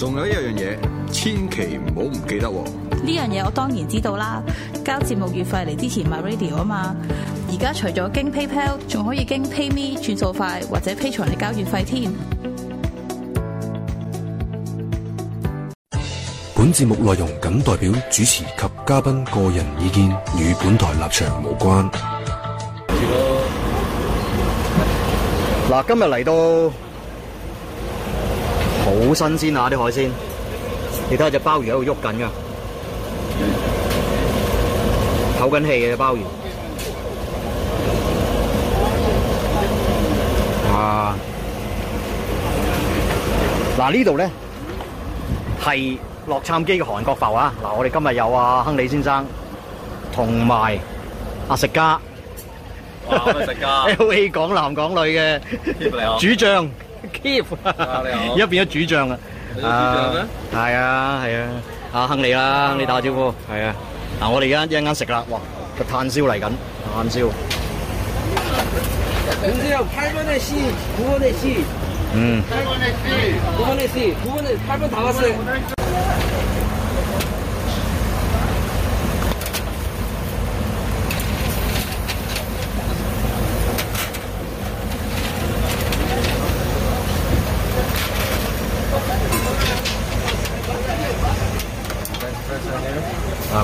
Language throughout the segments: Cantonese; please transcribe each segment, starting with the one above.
仲有一樣嘢，千祈唔好唔記得。呢樣嘢我當然知道啦，交節目月費嚟支持 MyRadio 啊嘛。而家除咗經 PayPal，仲可以經 PayMe 轉數快，或者 Patreon 嚟交月費添。本節目內容僅代表主持及嘉賓個人意見，與本台立場無關。嗱，今日嚟到。好新鮮啊！啲海鮮，你睇下隻鮑魚喺度喐緊噶，唞緊氣嘅隻鮑魚啊！嗱，呢度咧係洛杉磯嘅韓國埠啊！嗱，我哋今日有啊亨利先生，同埋阿食家，阿食家，LA 港男港女嘅主將。keep 而家變咗主將啊！係啊係啊！阿亨利啦，亨利打招呼係啊！嗱，我哋而家一陣間食啦，哇！個炭燒嚟緊，炭燒。唔知又八分一絲，五分一絲。嗯。八分一絲，五分一絲，五分，八分大把聲。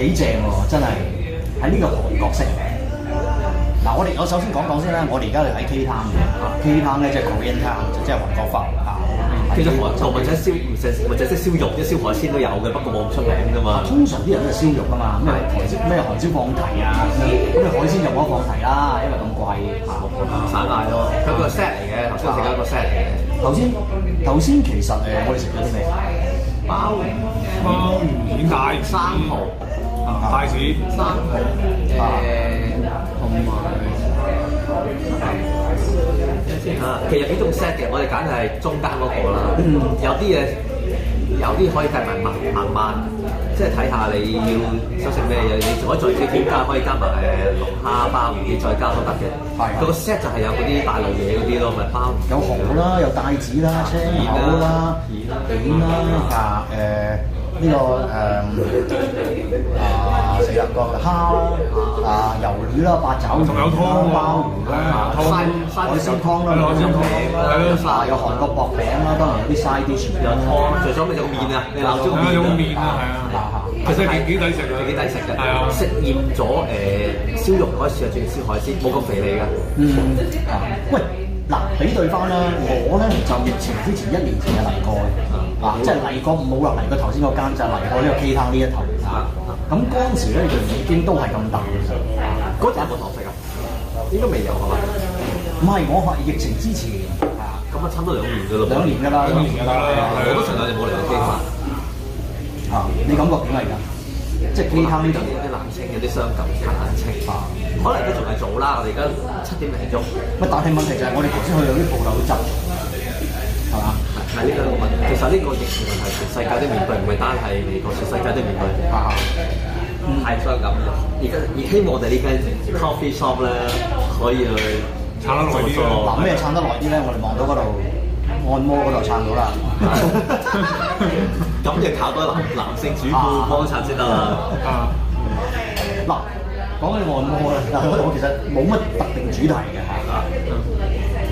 幾正喎！真係喺呢個韓國式。嗱，我哋我首先講講先啦。我哋而家嚟睇 K 餐嘅，K 餐咧即韓人餐，就即係韓國飯，其實韓就唔係凈係燒，唔係凈係肉，即係燒海鮮都有嘅。不過冇咁出名啫嘛。通常啲人都燒肉啊嘛，咩台式咩韓燒放題啊，咁啊海鮮就冇得放題啦，因為咁貴，散賣咯。佢個 set 嚟嘅，頭先食咗一個 set 嚟嘅。頭先頭先其實誒，我哋食咗啲咩？鮑魚片、大生蠔。筷子、三文、嗯、同埋嚇，其實幾種 set 嘅，我哋揀係中間嗰、那個啦、嗯。有啲嘢有啲可以計埋慢慢，即係睇下你要想食咩嘢，你仲可以再自己加，可以加埋誒龍蝦鮑魚，再加都得嘅。係、嗯，個 set 就係有嗰啲大路嘢嗰啲咯，咪包有紅啦，有帶子啦，叉燒啦，點啦，嚇誒。呢個誒啊，食入嘅蝦啦，啊魷魚啦，八爪魚啦，湯啊，沙海鮮湯啦，海鮮湯啦，有韓國薄餅啦，當然有啲沙啲全部有湯啦，除咗咪就麵啊，你南紹麵啊，係啊，其實麵幾抵食嘅，幾抵食嘅，食厭咗誒燒肉嗰時啊，轉燒海鮮，冇咁肥膩㗎。嗯，喂。嗱，比對翻啦，我咧就疫情之前一年前嘅嚟過嘅，嗱，即係嚟過冇話嚟過頭先嗰間，就嚟過呢個 K 廳呢一頭，咁嗰陣時咧就已經都係咁大嘅，嗰陣有冇落雪啊？應該未有係嘛？唔係，我係疫情之前，咁啊差唔多兩年嘅咯，兩年㗎啦，兩年啦，我都成日就冇嚟過 K 廳，嚇，你感覺點啊而家？即係 K-Town 就啲啲冷清，有啲傷感，冷清化。可能都仲係早啦，我哋而家七點零鐘。乜？但係問題就係我哋頭先去有啲鋪頭執，係嘛？係呢兩個問題。其實呢個疫情問題全世界都面對，唔係單係我哋全世界都面對。係傷感，而家、嗯、而希望我哋呢間 coffee shop 咧可以去做做撐得耐啲咯。咩撐得耐啲咧？我哋望到嗰度。按摩嗰度撐到啦，咁就靠多男男性主顧幫襯先得啦。嗱，講起按摩咧，嗱我其實冇乜特定主題嘅嚇。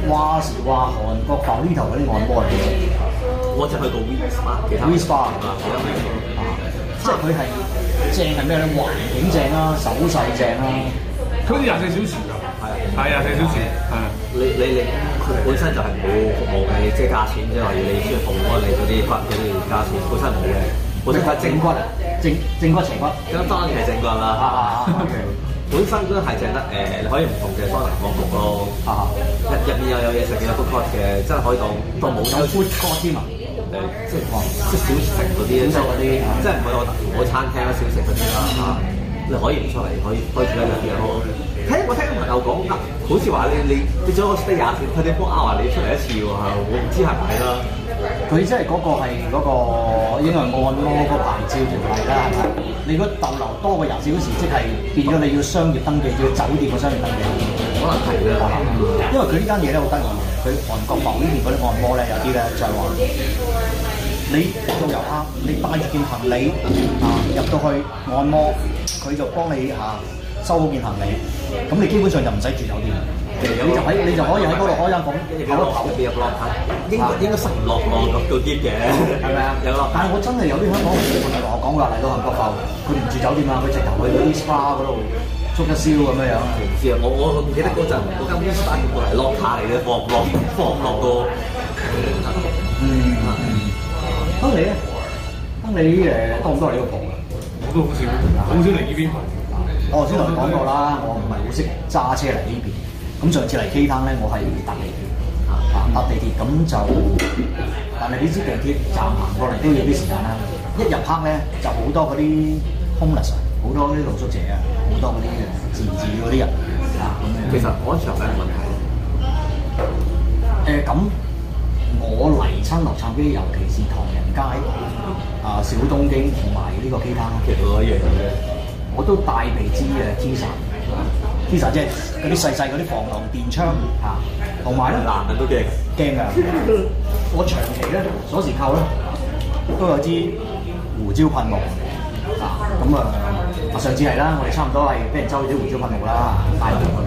話時話韓國呢頭嗰啲按摩嚟嘅，我就去過 We Spa，We Spa 係嘛？即係佢係正係咩咧？環境正啦，手勢正啦。佢哋廿四小時。係啊，四小時。係，你你你，佢本身就係冇服務嘅，即係價錢啫嘛。要你需要服務幫你嗰啲骨，嗰啲價錢，本身冇嘅。我哋係正骨啊，正正骨情骨。咁當然係正骨啦。本身都啲係正得誒，你可以唔同嘅桑拿服務咯。入入面又有嘢食嘅，foot bath 嘅，真係可以凍凍毛巾。有 foot bath 添啊！即係即係小食嗰啲即係嗰啲即係嗰個嗰餐廳啊，小食嗰啲啦嚇。你可以唔出嚟，可以可以做一樣嘢咯。睇我聽個朋友講，嗱，好似話你你你做咗廿次，佢哋幫阿華你出嚟一次喎，我唔知係咪啦。佢即係嗰個係嗰個，個，應該按摩個牌照條例啦，係咪？你如果逗留多過廿小時，即係變咗你要商業登記，要酒店嘅商業登記，可能係啦，嗯、因為佢呢間嘢咧好得意，佢韓國某呢邊嗰啲按摩咧有啲咧就係話，你入到遊客，你帶住件行李啊入到去按摩，佢就幫你嚇。收好件行李，咁你基本上就唔使住酒店，你就喺你就可以喺嗰度開下房，有冇落英國應應該收唔落喎，落到啲嘅，係咪啊？有落。但係我真係有啲香港僱員同我講㗎，嚟到韓國後，佢唔住酒店啊，佢直頭去啲 SPA 嗰度燭一燒咁樣樣。唔知啊，我我唔記得嗰陣今間公司打幾嚟，落卡嚟嘅，放落放落個。嗯。幫你啊！幫你誒。幫唔幫你個房啊？我都好少，好少嚟呢邊我、oh, 先同你講過啦，我唔係好識揸車嚟呢邊。咁上次嚟 K-Town 咧，我係搭地鐵啊，搭地鐵咁就，但係呢啲地鐵站行過嚟都要啲時間啦。一入坑咧就好多嗰啲 homeless，好多啲露宿者啊，好多嗰啲誒自置嗰啲人啊。其實嗰一場冇問題。誒咁、啊，我嚟親洛杉磯，尤其是唐人街啊、小東京同埋呢個 K-Town，其實一樣嘅。我都帶備支嘅 Taser，Taser 即係嗰啲細細嗰啲防盜電槍嚇，同埋咧，男人都驚驚㗎。我長期咧鎖匙扣咧都有支胡椒噴霧啊，咁啊，上次係啦，我哋差唔多係畀人抽啲胡椒噴霧啦，帶入去，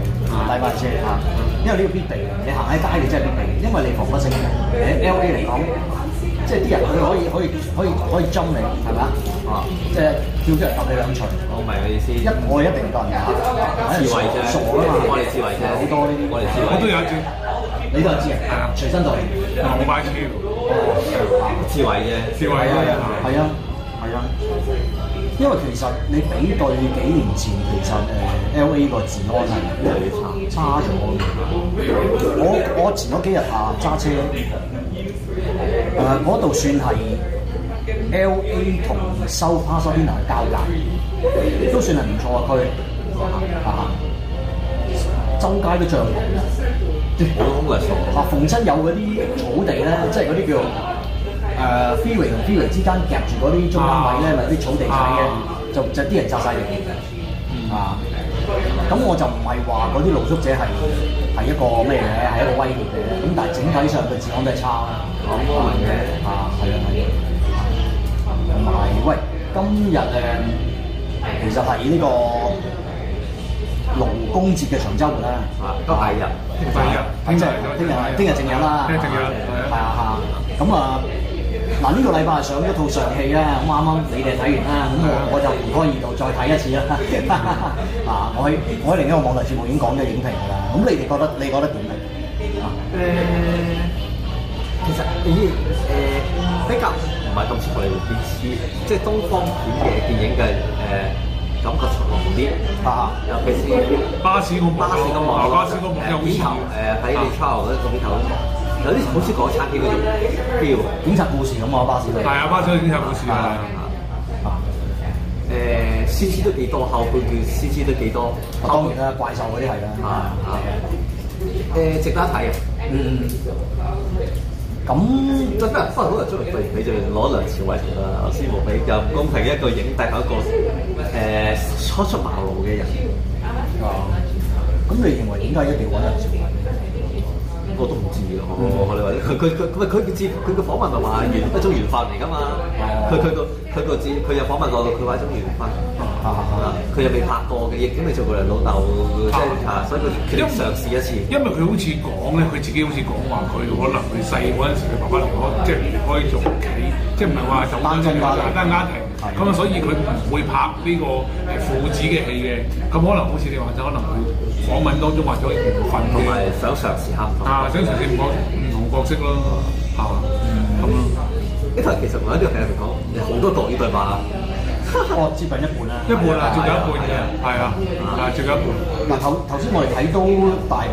大巴車啊，因為呢個必備，你行喺街你真係必備，因為你防不勝防。喺 LA 嚟講。即係啲人佢可以可以可以可以針你係咪啊？哦！即係跳出嚟，打你兩錘，我唔係個意思。一我一定個人打，我係自衞啫，傻啊嘛！我係自衞好多呢啲。我哋我都有知，你都有知啊？隨身袋，冇擺超，自衞啫，自衞啊！係啊！係啊！因為其實你比對幾年前，其實誒 LA 個治安係差差咗。我我前嗰幾日啊揸車。誒嗰度算係 LA 同 South Pasadena 嘅交界，都算係唔錯嘅區啊！周街都帳篷即好多嘅曬啊，逢親有嗰啲草地咧，即係嗰啲叫誒 Ferry 同 Ferry 之間夾住嗰啲中間位咧，咪啲、啊、草地仔嘅、啊，就就啲人紮曬營啊！咁我就唔係話嗰啲露宿者係係一個咩嘢，係一個威脅嘅。咁、啊、但係整體上嘅治安都係差啦。啊啊嘅啊，係啊係啊，同埋喂，今日咧其實係呢個勞工節嘅長週末啦，啊，都係日，聽日，聽日，聽日，聽日正日啦，係啊，咁啊，嗱呢個禮拜上一套上戲啦，咁啱啱你哋睇完啦，咁我我就唔該二度再睇一次啦，啊，我喺我喺另一個網絡節目已經講咗影評噶啦，咁你哋覺得你覺得點咧？啊，誒。其實咦？誒比較唔係咁似我哋啲似即係東方片嘅電影嘅誒感覺長啲嚇，尤其是巴士咁巴士咁耐，巴士咁長片頭誒喺你睇嗰啲片頭，有啲好似港產片嗰啲，叫警察故事咁啊巴士咧，係啊巴士警察故事啊，誒 C C 都幾多後輩叫 C C 都幾多，當然啦怪獸嗰啲係啦，係啊誒值得睇啊，嗯嗯。咁真係真係好難捉對，你就攞梁朝偉啦，阿司徒比較唔公平，一個影帝同一個誒初出茅廬嘅人哦，咁你認為點解一定要揾梁朝偉？我都唔知喎，你話佢佢佢唔係佢接佢個訪問咪話緣一種緣分嚟㗎嘛？佢佢個佢個接佢有訪問過佢話一種緣分，佢又未拍過嘅，亦都未做過人老豆，所以佢都嘗試一次。因為佢好似講咧，佢自己好似講話，佢可能佢細嗰陣時，佢爸爸離開，即係離開咗屋企，即係唔係話就單親家庭咁啊？所以佢唔會拍呢個父子嘅戲嘅，咁可能好似你話就可能會。訪問當中話咗，同埋想嘗試客串啊，想嘗試唔同唔同角色咯。嚇，咁呢套其實我喺呢度同嚟講，好多國語對白。我接近一半啦。一半啊，仲有一半嘅。係啊，仲有一半。嗱，頭頭先我哋睇到大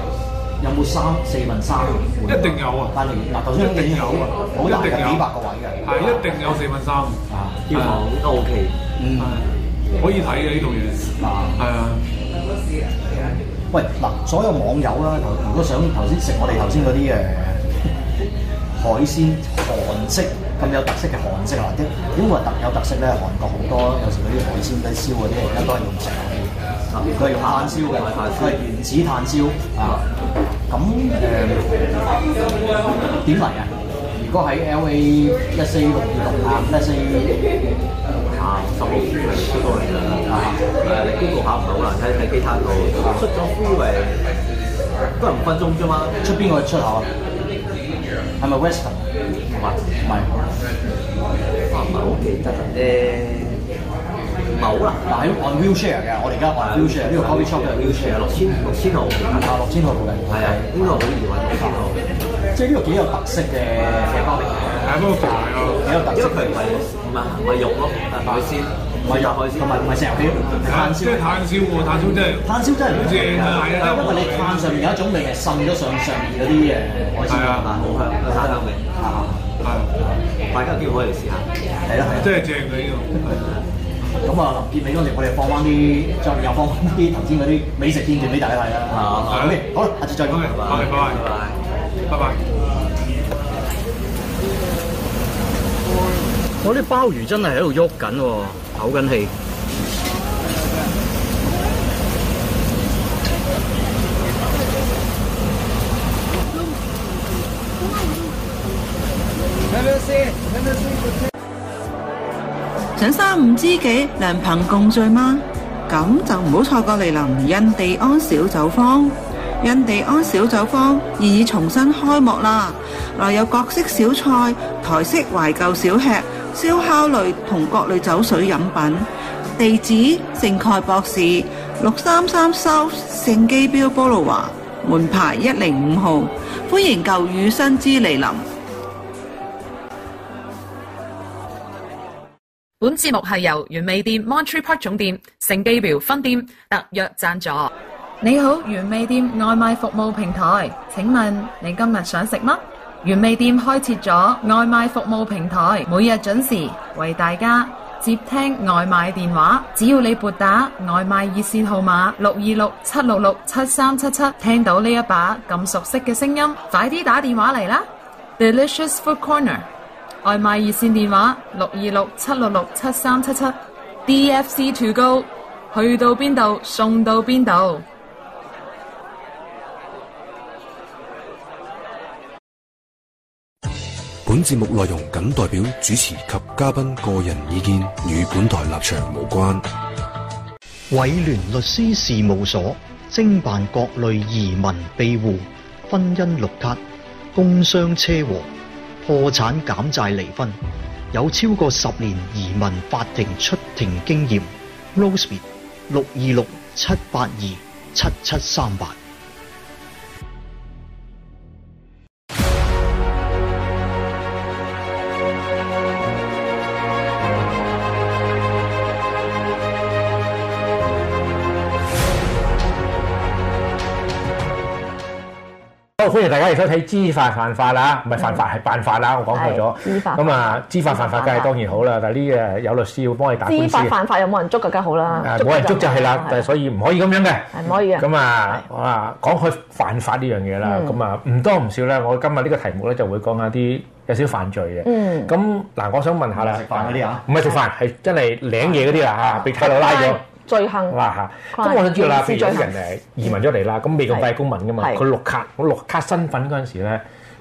有冇三四分三一定有啊。大年嗱，頭先一定有啊，好大嘅幾百個位嘅。係，一定有四分三。啊，票房應該 OK。嗯，可以睇嘅呢套嘢。係啊。喂，嗱，所有網友啊，如果想頭先食我哋頭先嗰啲誒海鮮韓式咁有特色嘅韓式啊，啲點會話特有特色咧？韓國好多有時嗰啲海鮮低燒嗰啲，而家都係用石板燒，佢、啊、係用炭燒嘅，佢係原子炭燒，炭燒啊。咁誒點嚟啊？如果喺 L A 一四六二六啊，一四。十號 freeway 出到嚟㗎啦，誒你 Google 下唔到啦，睇睇其他度出咗 freeway 都係五分鐘啫嘛。出邊個出口啊，係咪 Western？唔係唔係，我唔係好記得咁唔好冇啦，嗱喺我 share 嘅，我哋而家 w l share 呢個 coffee shop 嘅 share 六千六千毫，啊六千毫嘅，係啊，呢個好熱門嘅茶號，即係呢個幾有特色嘅嘅 coffee，係啊，幾有特色，因為佢唔係唔係唔係肉咯，係海鮮，唔係肉海，同埋唔係石油燒炭燒，即係炭燒喎，炭燒真係真係唔正啊，因為你炭上面有一種味係滲咗上上面嗰啲嘅，海啊，係嘛，好香炭香味啊，大家叫可以試下，係啦係，即係正佢呢個。咁啊，臨結尾嗰陣時，我哋放翻啲，再又放翻啲頭先嗰啲美食片段俾大家睇啦。okay，好啦，下次再講。拜拜，okay, okay，拜拜，拜拜。我啲鮑魚真係喺度喐緊，唞緊氣。想三五知己良朋共聚嗎？咁就唔好錯過嚟臨印地安小酒坊。印地安小酒坊現已重新開幕啦！內有各式小菜、台式懷舊小吃、燒烤類同各類酒水飲品。地址：聖蓋博市，六三三 South 聖基標菠蘿華門牌一零五號，歡迎舊雨新知嚟臨。本節目係由原味店 Monterey Park 總店、聖蓋博分店特約讚助。你好，原味店外賣服務平台，請問你今日想食乜？原味店開設咗外賣服務平台，每日準時為大家接聽外賣電話。只要你撥打外賣熱線號碼六二六七六六七三七七，聽到呢一把咁熟悉嘅聲音，快啲打電話嚟啦！Delicious Food Corner。外賣熱線電話六二六七六六七三七七，D F C To Go 去到邊度送到邊度？本節目內容僅代表主持及嘉賓個人意見，與本台立場無關。委聯律師事務所，徵辦各類移民庇護、婚姻綠卡、工傷車禍。破產減債離婚，有超過十年移民法庭出庭經驗，Rosby e 六二六七八二七七三八。歡迎大家嚟睇《知法犯法》啦，唔係犯法係辦法啦，我講錯咗。咁啊，知法犯法梗係當然好啦，但係呢嘢有律師要幫你打官司。知法犯法有冇人捉就梗好啦。冇人捉就係啦，但係所以唔可以咁樣嘅。唔可以嘅。咁啊，我話講開犯法呢樣嘢啦，咁啊唔多唔少咧，我今日呢個題目咧就會講下啲有少少犯罪嘅。嗯。咁嗱，我想問下啦，食飯嗰啲啊？唔係食飯係真係領嘢嗰啲啦嚇，被差佬拉嘢。罪行，哇嚇、啊！咁我想知道啦，譬如啲人誒移民咗嚟啦，咁未夠曬公民噶嘛？佢綠卡，佢綠卡身份嗰陣時咧，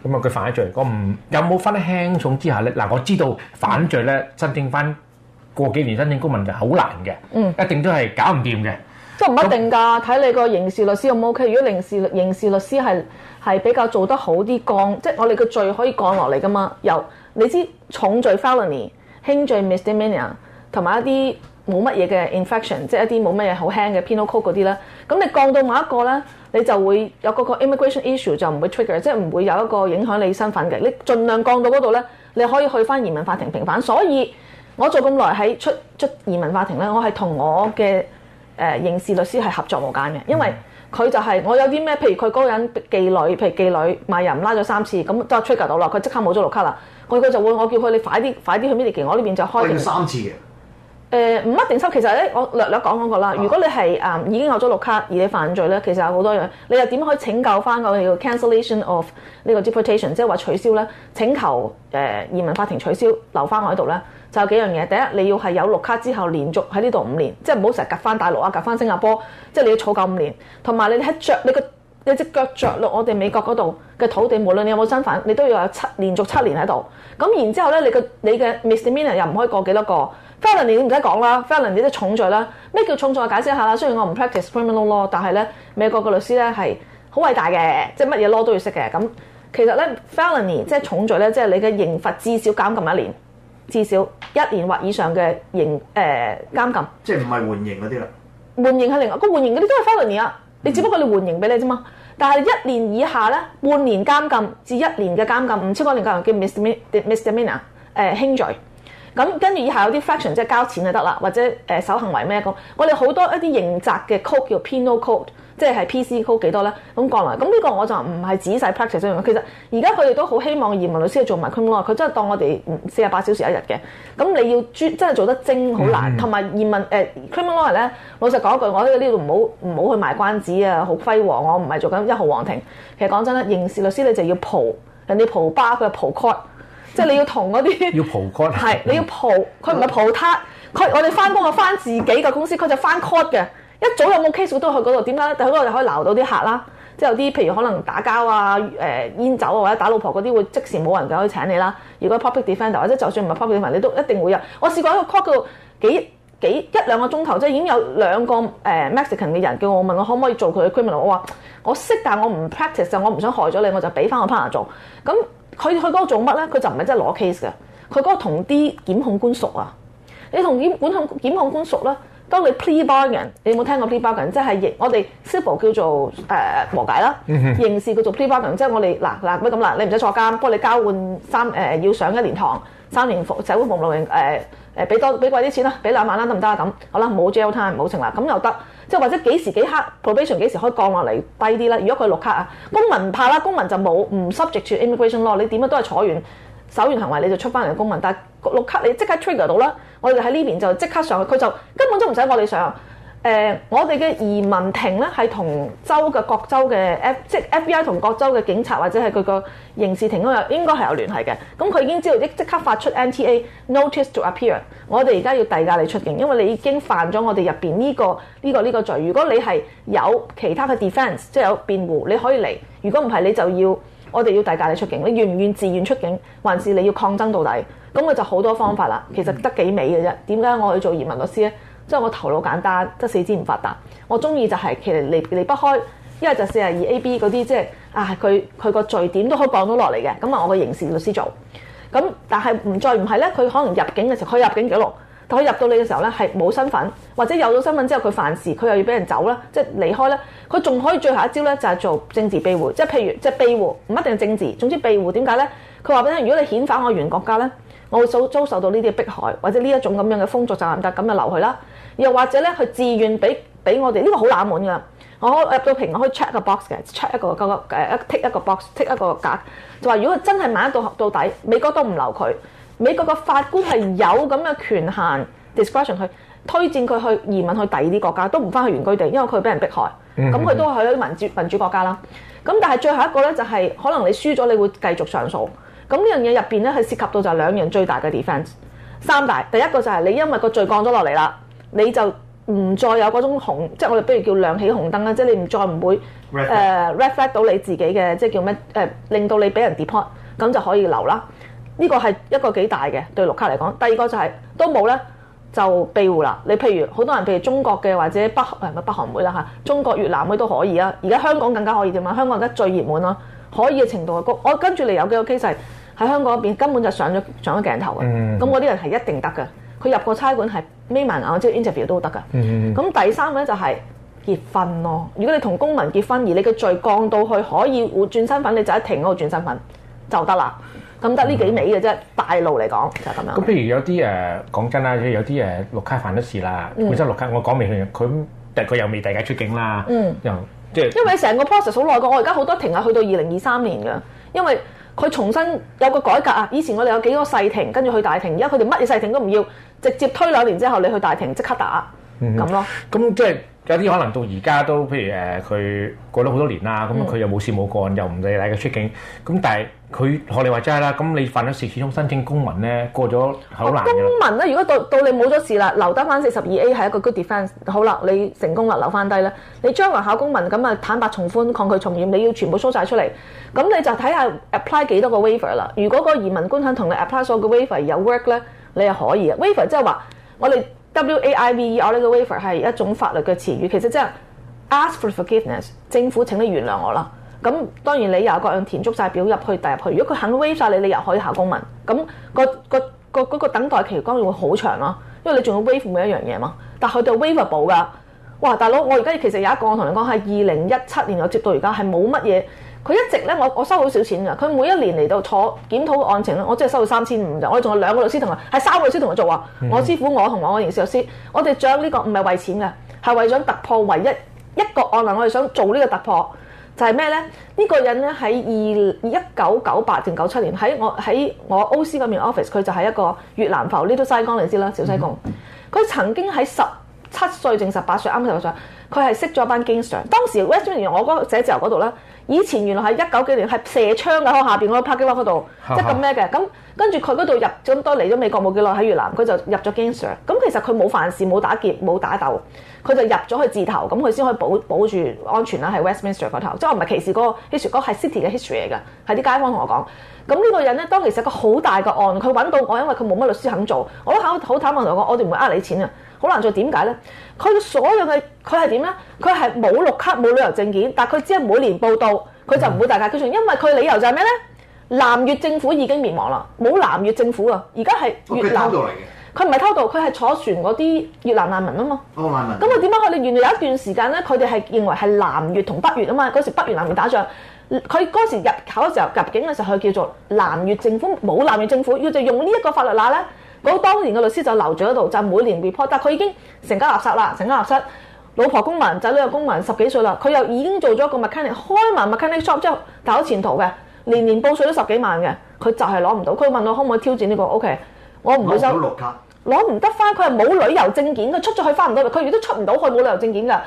咁啊佢犯咗罪，嗰唔有冇分得輕重之下咧？嗱、啊，我知道反罪咧，申請翻過幾年申請公民就好難嘅，一定都係搞唔掂嘅。嗯嗯、即係唔一定㗎，睇你個刑事律師有冇 OK。如果刑事律刑事律師係係比較做得好啲降，即、就、係、是、我哋個罪可以降落嚟㗎嘛？由你知重罪 felony、輕罪 misdemeanor 同埋一啲。冇乜嘢嘅 infection，即係一啲冇乜嘢好輕嘅 p i n o c o c 嗰啲啦。咁你降到某一個咧，你就會有嗰個 immigration issue 就唔會 trigger，即係唔會有一個影響你身份嘅。你盡量降到嗰度咧，你可以去翻移民法庭平反。所以我做咁耐喺出出移民法庭咧，我係同我嘅誒、呃、刑事律師係合作無間嘅，因為佢就係、是、我有啲咩，譬如佢嗰個人妓女，譬如妓女賣淫拉咗三次，咁都 trigger 到啦，佢即刻冇咗綠卡啦。佢佢就會我叫佢你快啲快啲去 mediator 我呢邊就開庭。拉三次嘅。誒唔、呃、一定收，其實咧，我略略講講過啦。如果你係啊、嗯、已經有咗綠卡而你犯罪咧，其實有好多樣，你又點可以拯救翻、嗰個叫 cancellation of 呢個 deportation 即係話取消咧？請求誒、呃、移民法庭取消留翻我喺度咧，就有幾樣嘢。第一，你要係有綠卡之後連續喺呢度五年，即係唔好成日昅翻大陸啊，昅翻新加坡，即係你要儲夠五年。同埋你喺着你個你隻腳着落我哋美國嗰度嘅土地，無論你有冇身份，你都要有七連續七年喺度。咁然之後咧，你嘅你嘅 misdemeanor 又唔可以過幾多個？felony 你唔使講啦，felony 你啲重罪啦。咩叫重罪啊？解釋一下啦。雖然我唔 practice criminal law，但係咧，美國嘅律師咧係好偉大嘅，即係乜嘢 law 都要識嘅。咁其實咧 felony 即係重罪咧，即係你嘅刑罰至少監禁一年，至少一年或以上嘅刑誒監禁。即係唔係緩刑嗰啲啦？緩刑係另外，個緩刑嗰啲都係 felony 啊。你只不過你緩刑俾你啫嘛。嗯、但係一年以下咧，半年監禁至一年嘅監禁，唔超過年個人叫 mis, mis, misdemeanor 咩啊？誒、呃、輕罪。咁跟住以下有啲 infraction 即係交錢就得啦，或者誒、呃、手行為咩嘅？我哋好多一啲刑責嘅 code，叫 penal code，即係 PC code 幾多咧？咁講啦，咁呢個我就唔係仔細 practice 咗樣。其實而家佢哋都好希望移民律師做埋 criminal law，佢真係當我哋四十八小時一日嘅。咁你要專真係做得精好難，同埋、mm hmm. 移民誒、呃、criminal law 咧，老實講一句，我喺呢度唔好唔好去賣關子啊，好輝煌，我唔係做緊一號皇庭。其實講真咧，刑事律師你就要蒲人哋蒲巴，佢蒲 court 即係你要同嗰啲，係、啊、你要蒲，佢唔係蒲他，佢、嗯、我哋翻工我翻自己嘅公司，佢就翻 court 嘅。一早有冇 case 都去嗰度，點解？但佢嗰度可以撈到啲客啦，即係有啲譬如可能打交啊、誒、呃、煙酒啊，或者打老婆嗰啲，會即時冇人嘅可以請你啦。如果 public defender 或者就算唔係 public defender，你都一定會有。我試過一個 court 度幾幾一兩個鐘頭，即係已經有兩個誒、呃、Mexican 嘅人叫我問我可唔可以做佢嘅 criminal。我話我識，但係我唔 practice 啊，我唔想害咗你，我就俾翻個 partner 做咁。佢去嗰度做乜咧？佢就唔係真係攞 case 嘅，佢嗰個同啲檢控官熟啊！你同檢管控檢控官熟啦、啊，當你 plea bargaining 你有冇聽過 plea bargaining 即係、就、認、是、我哋 civil 叫做誒和、呃、解啦，刑事叫做 plea bargaining 即係我哋嗱嗱乜咁啦？啦你唔使坐監，幫你交換三誒、呃、要上一年堂。三年服社會服務六年，俾、呃、多俾貴啲錢啦，俾兩萬啦，得唔得啊？咁好啦，冇 gel time，冇情啦，咁又得。即係或者幾時幾刻 probation 幾時可以降落嚟低啲啦？如果佢綠卡啊，公民唔怕啦，公民就冇唔 subject to immigration law，你點都係坐完守完行為你就出翻嚟嘅公民。但係綠卡你即刻 trigger 到啦，我哋喺呢邊就即刻上去，佢就根本都唔使我哋上。誒、呃，我哋嘅移民庭咧，係同州嘅各州嘅 F，即係 FBI 同各州嘅警察或者係佢個刑事庭都有應該係有聯繫嘅。咁、嗯、佢已經知道，即即刻發出 NTA notice to appear。我哋而家要遞解你出境，因為你已經犯咗我哋入邊呢個呢、呢個呢、呢個罪。如果你係有其他嘅 defense，即係有辯護，你可以嚟。如果唔係，你就要我哋要遞解你出境。你願唔願自願出境，還是你要抗爭到底？咁、嗯、佢、嗯嗯、就好多方法啦。其實得幾美嘅啫。點解我去做移民律師咧？即係我頭腦簡單，即四肢唔發達。我中意就係其實離離不開，因為就四廿二 A B 嗰啲，即係啊，佢佢個罪點都可以降到落嚟嘅。咁啊，我個刑事律師做。咁但係唔再唔係咧，佢可能入境嘅時候，可以入境記錄，但係入到你嘅時候咧係冇身份，或者有咗身份之後佢犯事，佢又要俾人走啦，即係離開咧。佢仲可以最後一招咧就係、是、做政治庇護，即係譬如即係庇護，唔一定係政治。總之庇護點解咧？佢話俾你聽，如果你遣返我原國家咧，我會遭受到呢啲迫害或者呢一種咁樣嘅風俗習慣得咁就留佢啦。又或者咧，佢自願俾俾我哋，呢、這個好冷門㗎。我入到屏，我可以 check 個 box 嘅，check 一個個誒剔一個 box 剔一個格，就話如果佢真係買得到到底，美國都唔留佢。美國個法官係有咁嘅權限，discretion 去推薦佢去移民去第二啲國家，都唔翻去原居地，因為佢俾人迫害。咁佢、mm hmm. 嗯、都去咗民主民主國家啦。咁但係最後一個咧，就係、是、可能你輸咗，你會繼續上訴。咁呢樣嘢入邊咧，佢涉及到就係兩樣最大嘅 defense 三大。第一個就係你因為個罪降咗落嚟啦。你就唔再有嗰種紅，即係我哋不如叫亮起紅燈啦，即係你唔再唔會誒 Re fl、呃、reflect 到你自己嘅，即係叫咩誒、呃，令到你俾人 deport 咁就可以留啦。呢、這個係一個幾大嘅對綠卡嚟講。第二個就係、是、都冇咧，就庇護啦。你譬如好多人譬如中國嘅或者北誒乜北韓妹啦嚇、啊，中國越南妹都可以啊。而家香港更加可以點啊？香港而家最熱門咯，可以嘅程度係高。我跟住你有幾個 case 係喺香港嗰邊根本就上咗上咗鏡頭嘅，咁嗰啲人係一定得嘅。佢入個差館係眯埋眼，即係 interview 都得噶。咁、嗯、第三個咧就係結婚咯。如果你同公民結婚，而你嘅罪降到去可以換轉身份，你就喺停嗰度轉身份就得啦。咁得呢幾味嘅啫，嗯、大路嚟講就係咁樣。咁譬如有啲誒講真啦，有啲誒綠卡犯咗事啦，嗯、本身綠卡我講明佢，佢但係佢又未遞解出境啦，嗯、又即係、就是、因為成個 process 好耐嘅，我而家好多停啊，去到二零二三年嘅，因為。佢重新有個改革啊！以前我哋有幾多細庭，跟住去大庭，而家佢哋乜嘢細庭都唔要，直接推兩年之後你去大庭即刻打咁咯。咁、嗯、哼即係有啲可能到而家都譬如誒，佢過咗好多年啦，咁佢、嗯、又冇事冇干，又唔理你嘅出境，咁但係。佢學你話齋啦，咁你犯咗事始終申請公民咧，過咗好難公民咧，如果到到你冇咗事啦，留得翻四十二 A 係一個 good defence。好啦，你成功啦，留翻低咧。你將來考公民咁啊，坦白從寬，抗拒從嚴，你要全部疏晒出嚟。咁你就睇下 apply 幾多個 waiver 啦。如果個移民官肯同你 apply 所有個 waiver 有 work 咧，你係可以啊。waiver 即係話我哋 W A I V E，我呢個 waiver 係一種法律嘅詞語。其實即係 ask for forgiveness，政府請你原諒我啦。咁當然你又各樣填足曬表入去遞入去，如果佢肯 waive 曬你，你又可以考公民。咁、那個個個嗰個,個等待期當然會好長咯、啊，因為你仲要 waive 每一樣嘢嘛。但佢哋 waivable 噶。哇，大佬，我而家其實有一個我同你講係二零一七年我接到而家係冇乜嘢，佢一直咧我我收好少錢噶。佢每一年嚟到坐檢討案情咯，我即係收到三千五咋。我仲有兩個律師同佢，係三個律師同佢做啊。嗯、我師傅我同我嘅營業律師，我哋將呢個唔係為錢嘅，係為想突破唯一一個案啦。我哋想做呢個突破。就係咩咧？呢、呢個人咧喺二一九九八定九七年喺我喺我 O C 嗰邊 office，佢就係一個越南浮呢 i 西江嚟知啦，iz, 小西貢。佢曾經喺十七歲定十八歲啱啱十六歲佢係識咗班 gangster。當時 West Wing 我嗰寫字樓嗰度咧，以前原來係一九幾年係射槍噶，下邊嗰個 parking lot 嗰度即係咁咩嘅。咁、就是、是是 跟住佢嗰度入咗咁多嚟咗美國冇幾耐喺越南，佢就入咗 gangster。咁其實佢冇犯事，冇打劫，冇打鬥。佢就入咗去字頭，咁佢先可以保保住安全啦。喺 Westminster 嗰頭，即係我唔係歧視嗰個 history，嗰係 city 嘅 history 嚟嘅，喺啲街坊同我講，咁呢個人咧，當其時個好大嘅案，佢揾到我，因為佢冇乜律師肯做，我都好好坦白同我講，我哋唔會呃你錢啊。好難做，點解咧？佢所有嘅佢係點咧？佢係冇綠卡、冇旅遊證件，但係佢只係每年報到，佢就唔會大嗌。佢仲因為佢理由就係咩咧？南越政府已經滅亡啦，冇南越政府啊，而家係越南佢唔係偷渡，佢係坐船嗰啲越南難民啊嘛。哦，難民。咁佢點解佢哋原來有一段時間咧，佢哋係認為係南越同北越啊嘛。嗰時北越、南越打仗，佢嗰時入港嘅時候入境嘅時候，佢叫做南越政府，冇南越政府，要就用呢一個法律拿咧。嗰當年嘅律師就留咗喺度，就每年 report。但佢已經成家立室啦，成家立室，老婆公民，仔女又公民，十幾歲啦，佢又已經做咗個 mechanic 開埋 mechanic shop，即係大好前途嘅，年年報稅都十幾萬嘅，佢就係攞唔到。佢問我可唔可以挑戰呢、呢個？O、OK, K，我唔會收。買攞唔得翻，佢係冇旅遊證件，佢出咗去翻唔到佢亦都出唔到去，冇旅遊證件噶，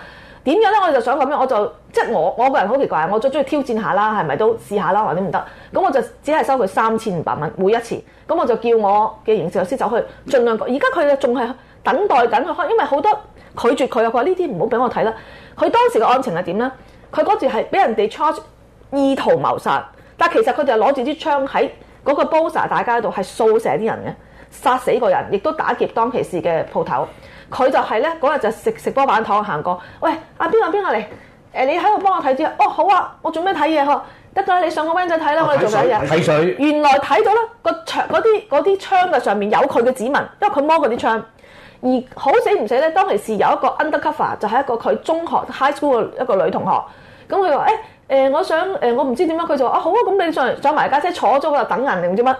點解咧？我就想咁樣，我就即係我我個人好奇怪，我最中意挑戰下啦，係咪都試下啦？或者唔得咁，我就只係收佢三千五百蚊每一次。咁我就叫我嘅刑事律師走去，儘量。而家佢仲係等待緊去開，因為好多拒絕佢啊！佢話呢啲唔好俾我睇啦。佢當時嘅案情係點咧？佢嗰時係俾人哋 charge，意圖謀殺，但其實佢就攞住支槍喺嗰個 bosa 大街度係掃射啲人嘅。殺死個人，亦都打劫當其時嘅鋪頭。佢就係咧嗰日就食食波板糖行過。喂，阿邊個邊個嚟？誒，你喺度幫我睇住。哦，好啊，我做咩睇嘢呵？得㗎，你上個 window 睇啦，我哋做緊嘢。睇、啊、水。水原來睇到啦，個窗嗰啲啲窗嘅上面有佢嘅指紋，因為佢摸嗰啲窗。而好死唔死咧，當其時有一個 undercover 就係一個佢中學 high school 嘅一個女同學。咁佢話：誒誒、欸，我想誒、呃，我唔知點樣佢就話啊好啊，咁你上上埋架車坐咗嗰度等人你唔知乜？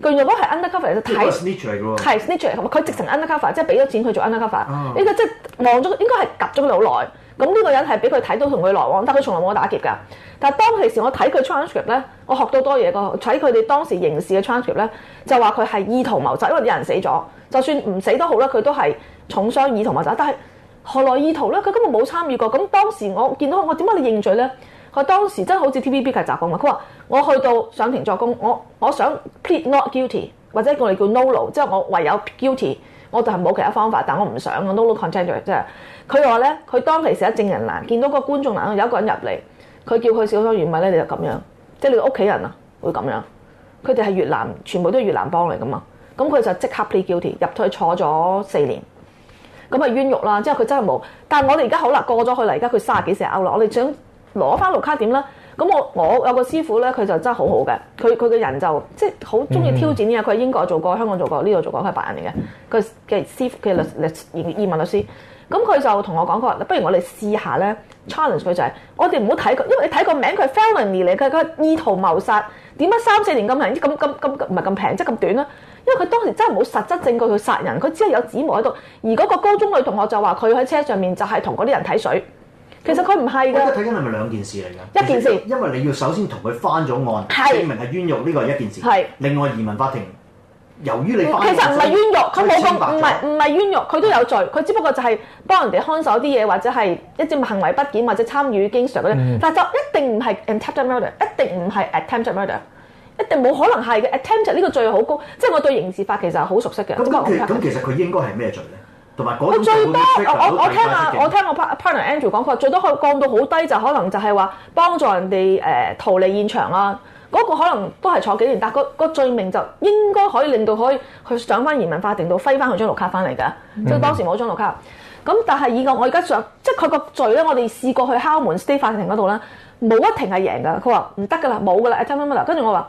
佢如果嗰係 undercover 嚟，睇係 snitch 佢直情 undercover，、啊、即係俾咗錢佢做 undercover，應該即係望咗，應該係及咗佢好耐。咁呢個人係俾佢睇到同佢來往，但係佢從來冇打劫㗎。但係當其時我睇佢 transcript 咧，我學到多嘢㗎，喺佢哋當時刑事嘅 transcript 咧，就話佢係意圖謀殺，因為啲人死咗，就算唔死好都好啦，佢都係重傷意圖謀殺。但係何來意圖咧？佢根本冇參與過。咁當時我見到，我點解你認罪咧？佢當時真好似 TVB 劇集咁嘛？佢話：我去到上庭作供，我我想 plead not guilty 或者叫我哋叫 nolo，即係我唯有 guilty，我就係冇其他方法，但我唔想我 nolo contendere 啫。佢話咧，佢當其時一證人欄見到個觀眾欄有一個人入嚟，佢叫佢少數原委咧，你就咁樣，即係你屋企人啊，會咁樣。佢哋係越南，全部都係越南幫嚟噶嘛？咁佢就即刻 plead guilty 入去坐咗四年，咁啊冤獄啦！之後佢真係冇，但係我哋而家好啦，過咗去啦，而家佢卅幾成歐啦，我哋想。攞翻綠卡點啦。咁我我有個師傅咧，佢就真係好好嘅。佢佢嘅人就即係好中意挑戰呢嘢。佢喺英國做過，香港做過，呢度做過，佢係白人嚟嘅。佢嘅師傅嘅律律移民律師，咁、嗯、佢就同我講過，不如我哋試下咧 challenge 佢就係、是、我哋唔好睇佢，因為你睇個名佢係 felony 嚟，佢佢意圖謀殺，點解三四年咁平？咁咁咁唔係咁平即係咁短啊？因為佢當時真係冇實質證據去殺人，佢只係有指模喺度。而嗰個高中女同學就話佢喺車上面就係同嗰啲人睇水。其實佢唔係㗎，我覺得睇緊係咪兩件事嚟㗎，一件事，因為你要首先同佢翻咗案，證明係冤獄呢個係一件事。係另外移民法庭由於你其實唔係冤獄，佢冇講唔係唔係冤獄，佢都有罪，佢只不過就係幫人哋看守啲嘢，或者係一啲行為不檢或者參與經常嗰啲，但就、嗯、一定唔係 attempted murder，一定唔係 attempted murder，一定冇可能係嘅 attempt 呢個罪好高，即係我對刑事法其實係好熟悉嘅。咁、嗯、其實佢應該係咩罪咧？佢最多我，我我聽下、啊，我聽我 partner Andrew 講，佢最多可以降到好低，就可能就係話幫助人哋誒、呃、逃離現場啦、啊。嗰、那個可能都係坐幾年，但係、那、嗰、個那個罪名就應該可以令到可以佢上翻移民法庭度，揮翻去張綠卡翻嚟㗎。即係當時冇張綠卡，咁但係以個我而家就即係佢個罪咧，我哋試過去敲門 stay 法庭嗰度咧，冇一庭係贏㗎。佢話唔得㗎啦，冇㗎啦，matter，跟住我話。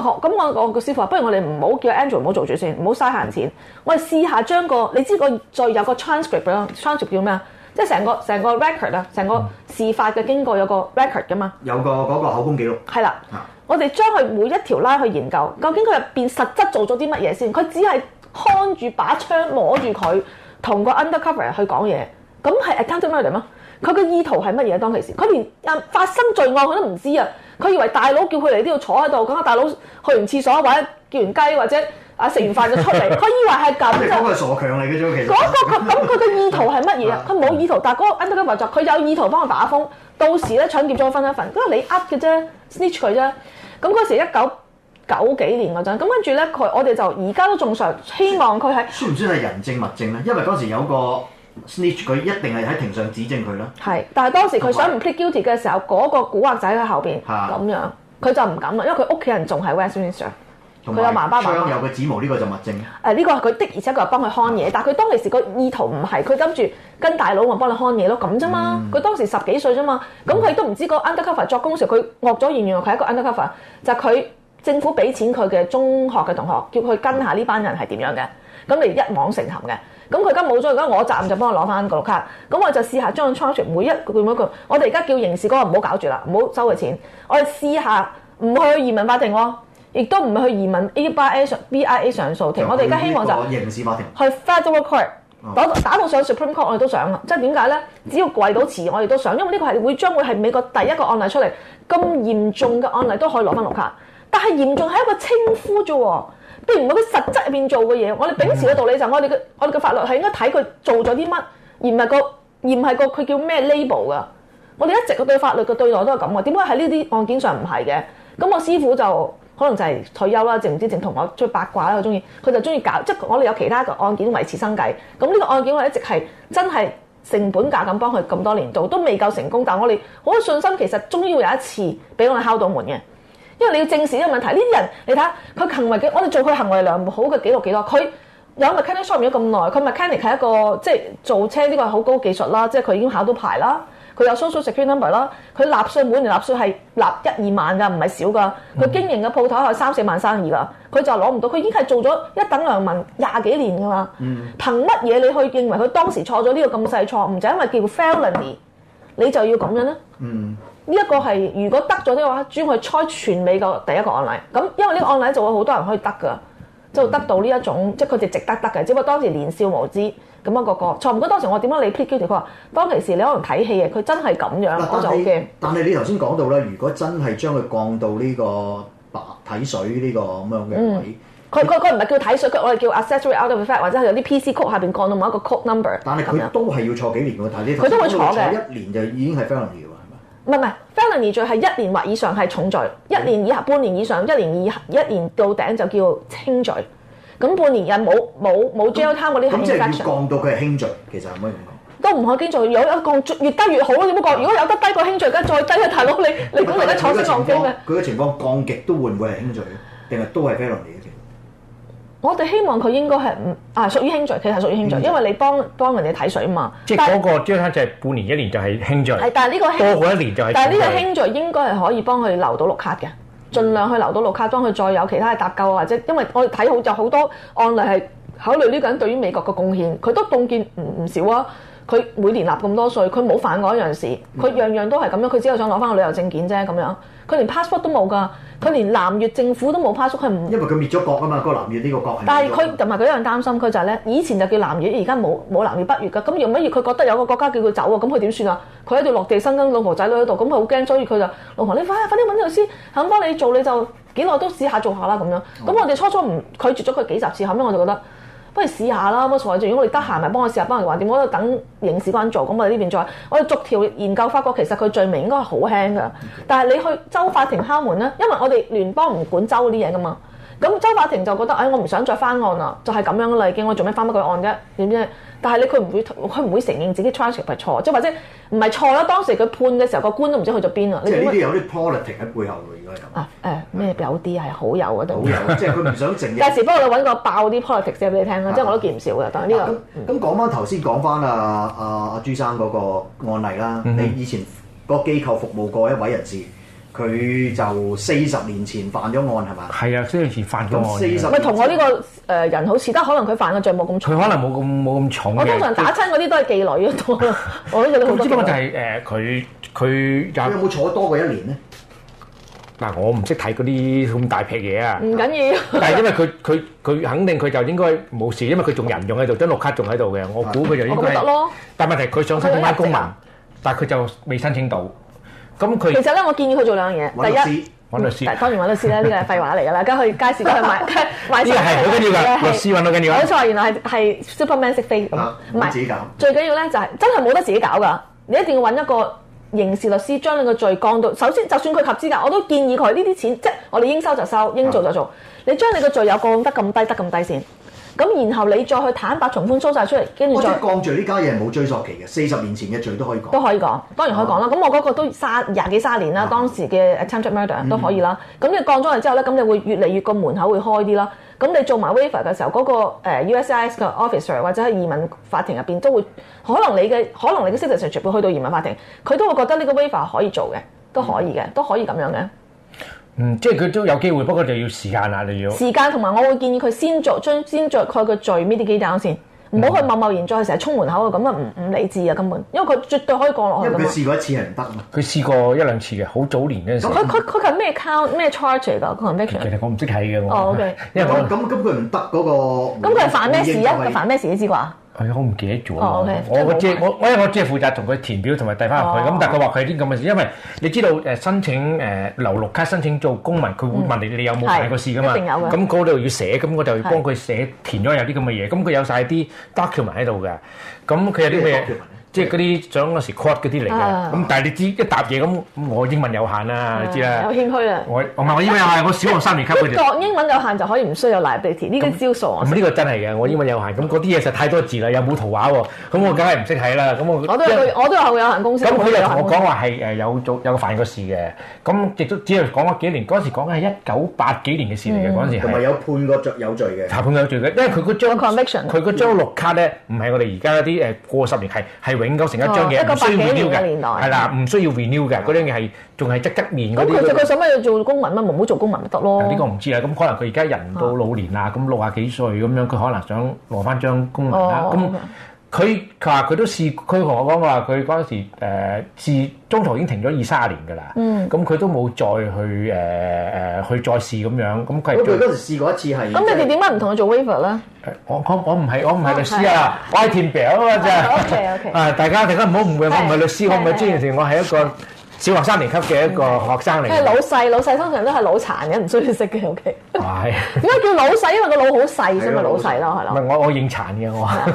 咁我我個師傅話，不如我哋唔好叫 Andrew 唔好做住先，唔好嘥閒錢。我哋試下將個你知個再有個 transcript 啊，transcript 叫咩啊？即係成個成個 record 啊，成個事發嘅經過有個 record 噶嘛。有個嗰、嗰個、口供記錄。係啦的，啊、我哋將佢每一條拉去研究，究竟佢入邊實質做咗啲乜嘢先？佢只係看住把槍摸住佢，同個 undercover 去講嘢，咁係 attempt murder 嗎？佢嘅意圖係乜嘢當其時？佢連發生罪案佢都唔知啊！佢以為大佬叫佢嚟都要坐喺度，咁下大佬去完廁所，或者叫完雞，或者啊食完飯就出嚟。佢以為係咁嗰個傻強嚟嘅啫，其實、 那個。嗰、那個咁，佢嘅意圖係乜嘢啊？佢冇 意圖，但係嗰個 undercover，佢有意圖幫佢打風，到時咧搶劫咗分一份，因為 都係你呃嘅啫，snitch 佢啫。咁嗰時一九九幾年嗰陣，咁跟住咧，佢我哋就而家都仲想希望佢係。算唔知係人證物證咧？因為嗰時有個。snitch 佢一定係喺庭上指證佢咯，係，但係當時佢想唔 plead guilty 嘅時候，嗰有個古惑仔喺後邊咁、啊、樣，佢就唔敢啦，因為佢屋企人仲係 Westminster，佢有萬爸，萬，有佢指模呢、這個就物證。誒呢個佢的，而且佢又幫佢看嘢，嗯、但係佢當其時個意圖唔係，佢跟住跟大佬我幫你看嘢咯，咁啫嘛，佢、嗯、當時十幾歲啫嘛，咁佢、嗯嗯、都唔知個 undercover 作工嘅時候，佢惡咗完，原來佢係一個 undercover，就係佢政府俾錢佢嘅中學嘅同學，叫佢跟下呢班人係點樣嘅。咁你一網成擒嘅，咁佢而家冇咗，而家我責任就幫我攞翻個綠卡，咁我就試下將 transfer 每一句每一句，我哋而家叫刑事嗰個唔好搞住啦，唔好收佢錢，我哋試下唔去移民法庭喎，亦都唔係去移民 A by A 上 B I A 上訴庭，後我哋而家希望就刑事法庭 federal court，打，打到上 supreme court 我哋都想啊，即係點解咧？只要跪到詞我哋都想，因為呢個係會將會係美國第一個案例出嚟，咁嚴重嘅案例都可以攞翻綠卡，但係嚴重係一個稱呼啫喎。並唔係嗰啲實質入邊做嘅嘢，我哋秉持嘅道理就係我哋嘅我哋嘅法律係應該睇佢做咗啲乜，而唔係個而唔係個佢叫咩 label 噶。我哋一直個對法律嘅對待都係咁嘅，點解喺呢啲案件上唔係嘅？咁我師傅就可能就係退休啦，淨唔知淨同我最八卦啦，我中意佢就中意搞，即係我哋有其他個案件維持生計。咁呢個案件我一直係真係成本價咁幫佢咁多年做，都未夠成功，但係我哋好有信心，其實終於會有一次俾我哋敲到門嘅。因為你要正視呢個問題，呢啲人你睇下佢行為嘅，我哋做佢行為良好嘅記錄幾多？佢有咪 mechanic shop 咗咁耐？佢咪 mechanic 係一個即係做車呢、這個係好高技術啦，即係佢已經考到牌啦，佢有 social security number 啦，佢納稅每年納稅係納一二萬㗎，唔係少㗎。佢經營嘅鋪頭係三四萬生意啦，佢就攞唔到，佢已經係做咗一等良民廿幾年㗎啦。嗯，憑乜嘢你去認為佢當時錯咗呢個咁細錯誤？唔就因為叫 felony，你就要咁樣咧？嗯。呢一個係如果得咗啲話，專去猜全美個第一個案例。咁因為呢個案例就會好多人可以得㗎，就得到呢一種，嗯、即係佢哋值得得嘅。只不過當時年少無知，咁樣個個錯。唔該，當時我點解理 P. i K. 條佢話，當其時你可能睇戲啊，佢真係咁樣做但係是你頭先講到咧，如果真係將佢降到呢、這個白睇、啊、水呢、這個咁樣嘅位，佢佢佢唔係叫睇水，佢我哋叫 accessory after the fact，或者係有啲 P. C. code 下邊降到某一個 code number 但是是是。但係佢都係要坐幾年嘅，但係你頭先都坐一年就已經係唔係唔係，felony 罪係一年或以上係重罪，嗯、一年以下、半年以上、一年以、一年到頂就叫輕罪。咁半年又冇冇冇 jail time 嗰啲喺街上。咁即係降到佢係輕罪，其實可唔可以咁講？都唔可以輕罪有一降越低越好咯？你冇講？如果有得低過輕罪，而家再低啊大佬，你是你估唔得坐升降機嘅，佢嘅情，情況降極都會唔會係輕罪，定係都係 felony？我哋希望佢應該係唔啊屬於輕罪，其實係屬於輕罪，嗯、因為你幫幫人哋睇水啊嘛。即係嗰、那個張卡就係半年一年就係輕罪。係，但係呢個多過一年就係。但係呢個輕罪應該係可以幫佢留到綠卡嘅，儘、嗯、量去留到綠卡，當佢再有其他嘅搭救或者，因為我哋睇好就好多案例係考慮呢個人對於美國嘅貢獻，佢都貢獻唔唔少啊！佢每年納咁多稅，佢冇反過一樣事，佢、嗯、樣樣都係咁樣，佢只有想攞翻個旅遊證件啫咁樣，佢連 passport 都冇㗎。佢連南越政府都冇趴縮，佢唔因為佢滅咗國啊嘛，嗰個南越呢個國，國。但係佢同埋佢一樣擔心，佢就係咧，以前就叫南越，而家冇冇南越北越㗎，咁月乜月佢覺得有個國家叫佢走啊，咁佢點算啊？佢喺度落地生根，老婆仔女喺度，咁佢好驚，所以佢就老婆你快、啊、你快啲揾律師，肯幫你做你就幾耐都試，試做下做下啦咁樣。咁我哋初初唔拒絕咗佢幾十次，後屘我就覺得。不如試下啦，冇所謂嘅，如果我哋得閒咪幫我試下，幫佢話點，我喺度等刑事官做，咁我哋呢邊再，我哋逐條研究發覺，其實佢罪名應該係好輕嘅，但係你去州法庭敲門咧，因為我哋聯邦唔管州啲嘢噶嘛。咁周法庭就覺得，唉，我唔想再翻案啦，就係咁樣嘅例。經，我做咩翻乜鬼案啫？點啫？但係你佢唔會，佢唔會承認自己 charge 係錯，即係或者唔係錯啦。當時佢判嘅時候，個官都唔知去咗邊啦。即係呢啲有啲 politics 喺背後，如果有啊誒，咩有啲係好友嗰啲。即係佢唔想承認。介紹，不過你揾個爆啲 politics 先俾你聽啦，即係我都見唔少㗎。但係呢個咁講翻頭先講翻啊啊啊朱生嗰個案例啦，你以前個機構服務過一位人士。佢就四十年前犯咗案係嘛？係啊，四年前犯咗案。同咪同我呢個誒人好似，得，可能佢犯嘅罪冇咁重。佢可能冇咁冇咁重。我通常打親嗰啲都係妓女嘅 多女。我呢只你好。咁、呃、啲就係誒，佢佢有冇坐多過一年呢？嗱，我唔識睇嗰啲咁大劈嘢啊！唔緊要。但係因為佢佢佢肯定佢就應該冇事，因為佢仲人用喺度，張綠 卡仲喺度嘅，我估佢就應該 得咯。但係問題佢想申請公，公民， 但係佢就未申請到。其實咧，我建議佢做兩樣嘢。第一，揾律師，當然揾律師啦，呢個係廢話嚟噶啦。咁佢介紹佢買買，呢個係好緊要噶，一律師揾好緊要。冇錯是，原來係係 Superman 識飛咁，唔係最緊要咧，就係真係冇得自己搞噶、就是。你一定要揾一個刑事律師，將你個罪降到首先就算佢合資格，我都建議佢呢啲錢即係我哋應收就收，應做就做。嗯、你將你個罪有降得咁低，得咁低先。咁然後你再去坦白從寬，蘇晒出嚟，跟住再降罪，呢家嘢係冇追溯期嘅，四十年前嘅罪都可以講，都可以講，當然可以講啦。咁、啊、我嗰個都卅廿幾三十年啦，啊、當時嘅 attempted murder 都可以啦。咁、嗯嗯、你降咗嚟之後咧，咁你會越嚟越個門口會開啲啦。咁你做埋 waiver 嘅時候，嗰、那個 USIS 嘅 officer 或者係移民法庭入邊都會，可能你嘅可能你嘅 citizenship 去到移民法庭，佢都會覺得呢個 waiver 可以做嘅，都可以嘅，嗯嗯都可以咁樣嘅。嗯，即係佢都有機會，不過就要時間啦。你要時間同埋，我會建議佢先作，將先做佢個序呢啲基金先，唔好去貿貿然再成日衝門口咁啊！唔唔理智啊，根本，因為佢絕對可以過落去噶嘛。因為佢試過一次係唔得嘛。佢試過一兩次嘅，好早年嗰陣時候。佢佢佢係咩 count 咩 charge 嚟㗎？佢係咩 charge？其實我唔識睇嘅我。哦，OK。咁咁咁佢唔得嗰個、就係。咁佢係犯咩事啊？佢犯咩事你知啩？佢好唔記得咗我、哦、我即係我我，因為我只係負責同佢填表同埋遞翻入去，咁但係佢話佢啲咁嘅事，因為你知道誒申請誒、呃、綠卡申請做公民，佢會問你你有冇睇過事㗎嘛，咁嗰度要寫，咁我就要幫佢寫是填咗有啲咁嘅嘢，咁、嗯、佢有晒啲 document 喺度嘅，咁佢、嗯、有啲咩嘢。些即係嗰啲獎嗰時 cut 嗰啲嚟嘅，咁、啊、但係你知一答嘢咁，我英文有限啦，你知啦、啊。有欠缺啦。我唔係我英文啊，我小學三年級嗰時。我英文有限就可以唔需要 liability，呢個招數啊、嗯。唔係呢個真係嘅，我英文有限，咁嗰啲嘢實太多字啦，又冇圖畫喎，咁我梗係唔識睇啦，咁我。都係、嗯嗯、我，我都有好有，有限公司。咁佢又同我講話係誒有做有，有犯過事嘅，咁亦都只係講咗幾年，嗰時講嘅係一九八幾年嘅事嚟嘅，嗰陣時係。同埋有，有判過罪有罪嘅。判有罪嘅，因為佢嗰張佢嗰張綠卡咧，唔係我哋而家嗰啲誒過十年係係。永久成一張嘢，唔、哦、需要 renew 嘅，係啦，唔需要 renew 嘅，嗰啲嘢係仲係側側面咁啲。咁佢想乜要做公民乜、啊？唔好做公民咪得咯？呢個唔知啊。咁可能佢而家人到老年啦，咁六啊幾歲咁樣，佢可能想攞翻張公民啦。咁、哦。那 okay. 佢佢話佢都試，佢同我講話，佢嗰陣時誒、呃、中途已經停咗二三十年㗎啦。嗯，咁佢都冇再去誒誒、呃、去再試咁樣，咁佢。咁佢嗰陣時試過一次係。咁你哋點解唔同佢做 waiver 啦？我我我唔係我唔係律師啊，啊啊我係填表啊嘛啫。OK OK。啊，大家大家唔好誤會，啊、我唔係律師，啊、我唔係專業人士，我係一個。 小學三年級嘅一個學生嚟，嘅，係老細，老細通常都係腦殘嘅，唔需要識嘅，OK。係。點解叫老細？因為個腦好細啫嘛，的老細咯係啦。唔係我我認殘嘅我，yeah,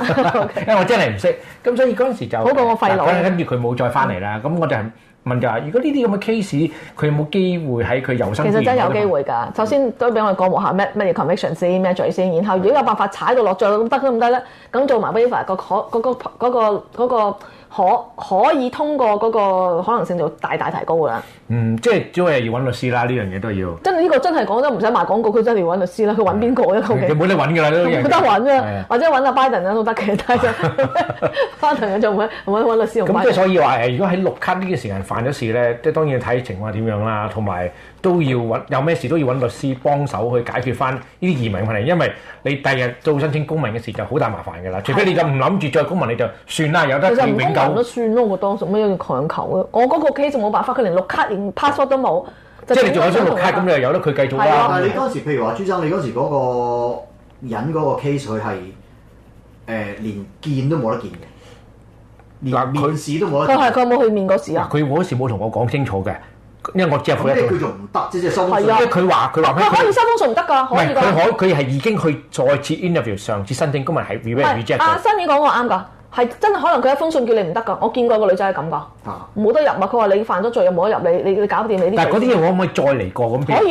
okay. 因為我真係唔識。咁所以嗰陣時就，好過我廢腦、啊。跟住佢冇再翻嚟啦。咁、嗯、我就問就如果呢啲咁嘅 case，佢有冇機會喺佢由生？其實真有機會㗎。嗯、首先都俾我哋過目下咩咩 conviction 先咩嘴先。然後如果有辦法踩到落咗，咁得都唔得啦。咁做埋 buff 可可以通過嗰個可能性就大大提高噶啦。嗯，即係主要係要揾律師啦，呢樣嘢都要。真呢、呢個真係講得唔使賣廣告，佢真係要揾律師啦。佢揾邊個咧？啊？冇、嗯、得揾㗎啦。冇得揾啦，的或者揾阿、啊、拜登、啊、都得嘅，但係 就翻騰就唔揾律師。咁即係所以話，如果喺綠卡呢段時間犯咗事咧，即係當然睇情況點樣啦，同埋都要揾有咩事都要揾律師幫手去解決翻呢啲移民問題，因為你第日做申請公民嘅事就好大麻煩㗎啦。除非你就唔諗住再公民，的你就算啦，有得永久。都算咯，我當初咩？要強求咯。我嗰個 case 就冇辦法，佢連綠卡、連 password 都冇。即係你仲有張綠卡，咁你又有得佢繼續啊？你嗰時譬如話朱生，你嗰時嗰個引嗰個 case，佢係誒連見都冇得見嘅，連面試都冇得。佢係佢有冇去面嗰時啊？佢嗰時冇同我講清楚嘅，因為我 reject 佢仲唔得？即係收封信。係佢話佢話咩？可以收封信唔得㗎？唔係佢可佢係已經去再次 interview，上次申請公民係 reject 新你講我啱㗎。係真係可能佢一封信叫你唔得噶，我見過個女仔係咁噶，冇、啊、得入嘛。佢話你犯咗罪又冇得入，你你你搞掂你啲。但係嗰啲嘢可唔可以再嚟過咁？啊嗯、可以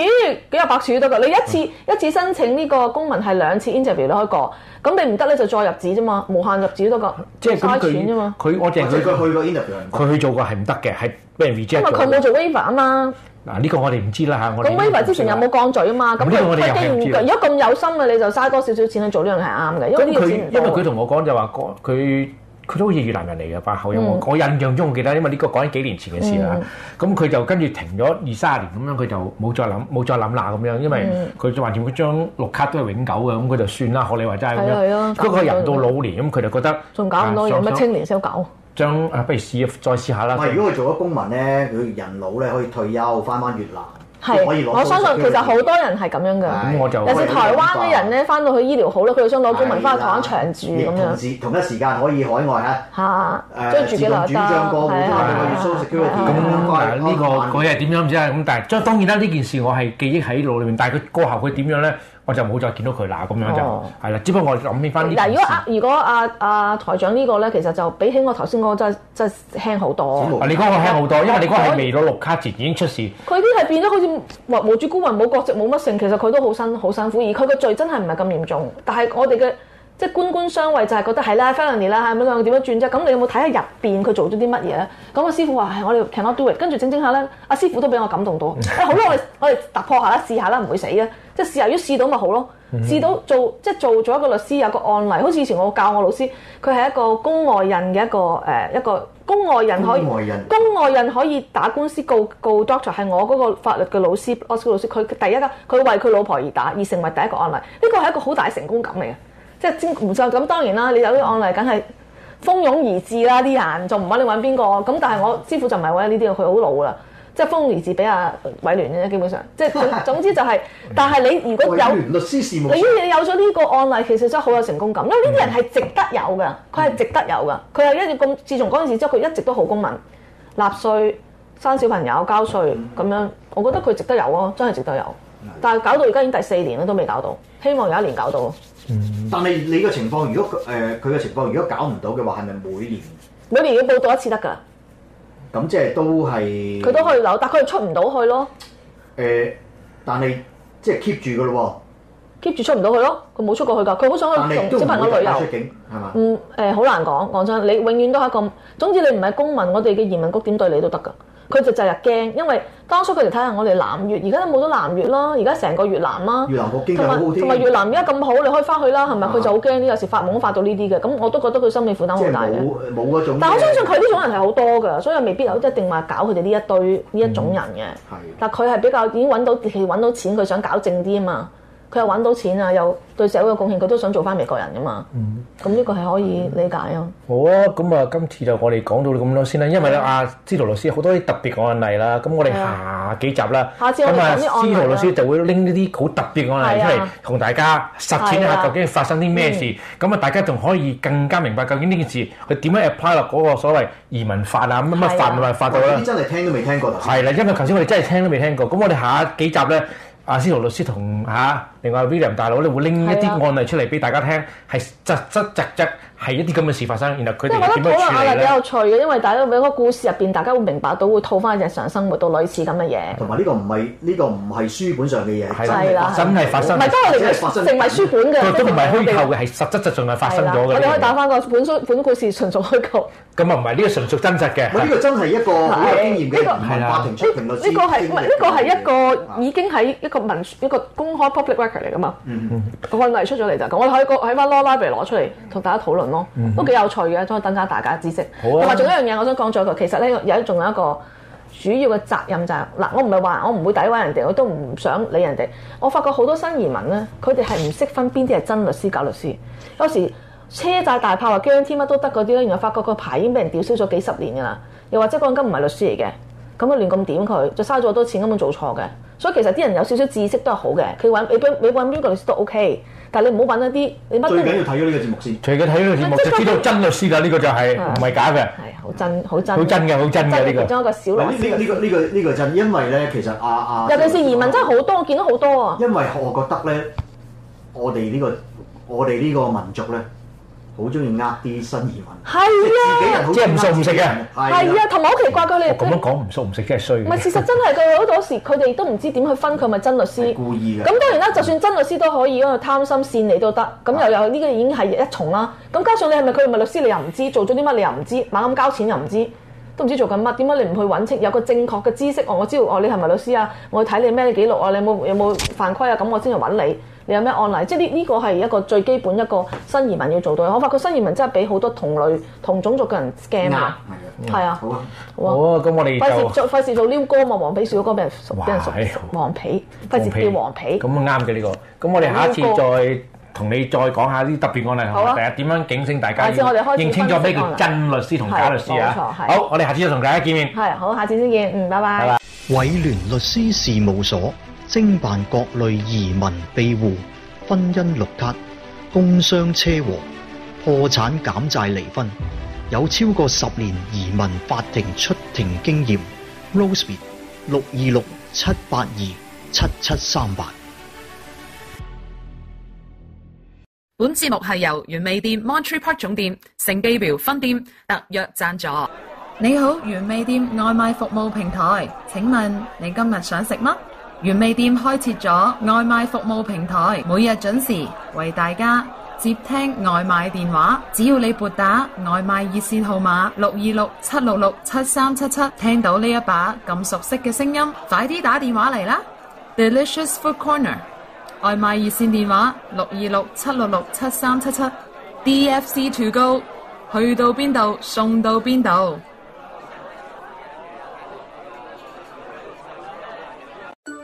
幾有白處得噶。你一次、嗯、一次申請呢個公民係兩次 interview 都開過，咁你唔得咧就再入紙啫嘛，無限入紙都得。即係加錢啫嘛。佢我淨係佢去過 interview，佢去做過係唔得嘅，係俾人 reject 咗因為佢冇做 waiver 啊嘛。嗱，呢、啊這個我哋唔知啦嚇，我哋唔知。咁之前有冇講嘴啊嘛？咁佢幾唔？如果咁有心嘅，你就嘥多少少錢去做呢樣係啱嘅。因為佢同我講就話，佢佢都好似越南人嚟嘅，發口音我我印象中我記得，因為呢個講緊幾年前嘅事啦。咁佢、嗯嗯、就跟住停咗二三十年咁樣，佢就冇再諗冇再諗嗱咁樣，因為佢就話：，連嗰張綠卡都係永久嘅，咁佢就算啦。學你話齋真係咁、嗯、樣。佢個人到老年，咁佢就覺得仲搞唔到有乜青年先搞。嗯嗯嗯嗯嗯將誒，不如試再試下啦。唔如果佢做咗公民咧，佢人老咧可以退休，翻返越南，可以攞。我相信其實好多人係咁樣嘅。咁我就。尤其是台灣嘅人咧，翻到去醫療好咯，佢就想攞公民翻去台灣長住咁樣。同時同一時間可以海外嚇。嚇。誒，住幾耐得？係啊。咁嗱，呢個佢係點樣唔知啊？咁但係，當然啦，呢件事我係記憶喺腦裏面，但係佢過後佢點樣咧？我就冇再見到佢。嗱，咁樣就係啦、哦，只不過我諗起翻。嗱，如果阿如果阿阿台長個呢個咧，其實就比起我頭先，我真係真係輕好多。啊、你講我輕好多，因為，因為你講係未攞綠卡前已經出事。佢啲係變咗好似話無主孤魂、冇國籍、冇乜性，其實佢都好辛好辛苦，而佢個罪真係唔係咁嚴重，但係我哋嘅。即係官官相衛，就係覺得係啦，翻嚟啦，咁樣點樣轉啫？咁你有冇睇下入邊佢做咗啲乜嘢？咁個師傅話係、哎、我哋 cannot do it，跟住整整下咧，阿師傅都俾我感動到。哎、好啦，我哋我哋突破下啦，試下啦，唔會死嘅。即係試，由於試到咪好咯，試到做即係做咗一個律師有個案例，好似以前我教我老師，佢係一個宮外孕嘅一個誒一個，一個宮外孕可以宮外孕可以打官司告告 doctor 係我嗰個法律嘅老師 law 老師，佢第一啦，佢為佢老婆而打而成為第一個案例，呢個係一個好大成功感嚟嘅。即係唔錯，咁當然啦！你有啲案例梗係蜂擁而至啦，啲人找找就唔揾你揾邊個？咁但係我師傅就唔係揾呢啲，佢好老啦，即係蜂擁而至俾阿、啊、偉聯啫，基本上即係、就是、總之就係、是。 但係你如果有律師事務，你，你有咗呢個案例，其實真係好有成功感，因為呢啲人係值得有嘅，佢係值得有嘅，佢係一直咁自從嗰陣時之後，佢一直都好公民，納稅、生小朋友、交稅咁樣，我覺得佢值得有咯，真係值得有。但係搞到而家已經第四年啦，都未搞到，希望有一年搞到。嗯，但係你個情況，如果誒佢嘅情況如果搞唔到嘅話，係咪每年每年要報到一次得噶？咁即係都係佢都可以留，但係佢出唔到去咯。誒，但係即係 keep 住噶咯喎，keep 住出唔到去咯，佢冇出過去噶，佢好想去同朋友旅遊。出境係嘛？嗯誒，好難講，講真，你永遠都係一個，總之你唔係公民，我哋嘅移民局點對你都得噶。佢就就日驚，因為當初佢哋睇下我哋南越，而家都冇咗南越啦，而家成個越南啦，同埋同埋越南而家咁好，你可以翻去啦，係咪？佢、啊、就好驚呢，有時發夢發到呢啲嘅，咁我都覺得佢心理負擔好大嘅。冇冇嗰種。但我相信佢呢種人係好多嘅，所以未必有一定話搞佢哋呢一堆呢、嗯、一種人嘅。的但佢係比較已經揾到自己，揾到錢，佢想搞正啲啊嘛。佢又揾到錢啊，又對社會嘅貢獻，佢都想做翻美國人噶嘛。嗯，咁呢個係可以理解咯。好啊，咁啊，今次就我哋講到咁多先啦，因為咧，阿司徒老師好多啲特別案例啦。咁我哋下幾集啦。下次我哋揾啲案例。咁啊，司徒老師就會拎呢啲好特別案例出嚟，同大家實踐一下究竟發生啲咩事。咁啊，大家仲可以更加明白究竟呢件事佢點樣 apply 落嗰個所謂移民法啊，乜乜法咪法度啦。真係聽都未聽過。係啦，因為頭先我哋真係聽都未聽過。咁我哋下一幾集咧。阿司徒律師同嚇、啊，另外 William 大佬咧會拎一啲案例出嚟俾大家聽，係紮紮實實。係一啲咁嘅事發生，然後佢哋點樣處理咧？因為我覺得討論案例比較趣嘅，因為大家喺個故事入邊，大家會明白到會套翻日常生活到類似咁嘅嘢。同埋呢個唔係呢個唔係書本上嘅嘢，係啦，真係發生。唔係，我哋係發生，唔係書本嘅，都唔係虛構嘅，係實質上仲係發生咗嘅。我哋可以打翻個本書、本故事純屬虛構。咁啊唔係呢個純屬真實嘅。我呢個真係一個好經驗嘅，係啦。呢個係唔係呢個係一個已經喺一個文一個公開 public record 嚟㗎嘛？案例出咗嚟就係咁，我喺個喺翻 law library 攞出嚟同大家討論。嗯、都幾有趣嘅，可以增加大家嘅知識。同埋仲一樣嘢，我想講咗一個，其實咧有仲有一個主要嘅責任就係嗱，我唔係話我唔會詆毀人哋，我都唔想理人哋。我發覺好多新移民咧，佢哋係唔識分邊啲係真律師、假律師。有時車債大炮話驚添乜都得嗰啲咧，然後發覺個牌已經俾人吊銷咗幾十年噶啦。又或者個金唔係律師嚟嘅，咁啊亂咁點佢，就嘥咗好多錢，根本做錯嘅。所以其實啲人有少少知識都係好嘅。佢揾你揾你揾邊個律師都 OK。但你唔好揾一啲，你最緊要睇咗呢個節目先。除咗睇咗呢個節目，就知道真律師㗎，呢個就係唔係假嘅。係啊，好真，好真。好真嘅，好真嘅呢個。其中一個小律師。呢個呢個呢個真，因為咧其實啊啊，尤其是移民真係好多，我見到好多啊。因為我覺得咧，我哋呢個我哋呢個民族咧。好中意呃啲新移民，係啊，即自己人即係唔熟唔識嘅，係啊，同埋好奇怪佢哋，咁對你樣講唔熟唔識真係衰嘅。唔係事實真係，佢好多時佢哋都唔知點去分佢咪真律師。故意嘅。咁當然啦，對就算真律師都可以，因為貪心善你都得。咁、啊、又有呢、呢個已經係一重啦。咁加上你係咪佢係咪律師，你又唔知做咗啲乜，你又唔知猛咁交錢又唔知，都唔知做緊乜。點解你唔去揾清？有個正確嘅知識、哦，我知道哦，你係咪律師啊？我睇你咩記錄啊、哦？你有冇有冇犯規啊？咁、哦、我先去揾你。你有咩案例？即係呢呢個係一個最基本一個新移民要做到嘅。我發覺新移民真係俾好多同類同種族嘅人 scam 嘅。係啊。好啊。好啊。咁我哋費事再費事做撩歌啊！黃皮小哥俾人熟，俾人熟。黃皮，費事叫黃皮。咁啱嘅呢個。咁我哋下次再同你再講下啲特別案例，第日點樣警醒大家。下次我哋開翻翻啦。認清楚俾個真律師同假律師啊！好，我哋下次再同大家見面。係。好，下次先見。嗯，拜拜。拜拜。偉聯律師事務所。精辦各類移民庇護、婚姻綠卡、工傷車禍、破產減債離婚，有超過十年移民法庭出庭經驗。Roseby 六二六七八二七七三八。本節目係由原味店 Monterey Park 總店、盛記廟分店特約贊助。你好，原味店外賣服務平台，請問你今日想食乜？原味店開設咗外賣服務平台，每日準時為大家接聽外賣電話。只要你撥打外賣熱線號碼六二六七六六七三七七，7 7, 聽到呢一把咁熟悉嘅聲音，快啲打電話嚟啦！Delicious Food Corner 外賣熱線電話六二六七六六七三七七，DFC to go 去到邊度送到邊度。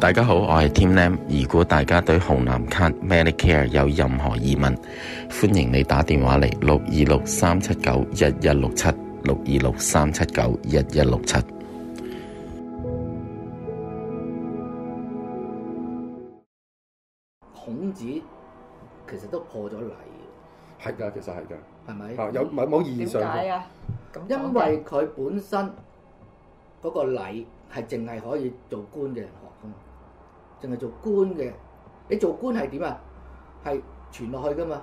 大家好，我係 Tim Lam。如果大家對紅藍卡 Medicare 有任何疑問，歡迎你打電話嚟六二六三七九一一六七六二六三七九一一六七。67, 孔子其實都破咗禮，係噶，其實係噶，係咪吧？啊有，有唔冇意義上了？點解啊？因為佢本身嗰、嗰個禮。係淨係可以做官嘅人學嘅，淨係做官嘅。你做官係點啊？係傳落去㗎嘛？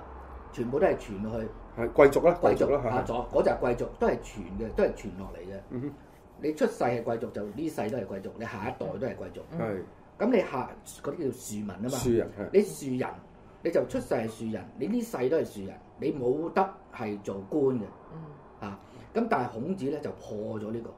全部都係傳落去。係貴族啦，貴族啦嚇。左嗰就係貴族，都係傳嘅，都係傳落嚟嘅。嗯、哼你出世係貴族，就呢世都係貴族，你下一代都係貴族。係、嗯哼。咁你下嗰啲叫做庶民啊嘛。庶人你庶人，你就出世係庶人，你呢世都係庶人，你冇得係做官嘅。嗯。啊，咁但係孔子咧就破咗呢、呢個。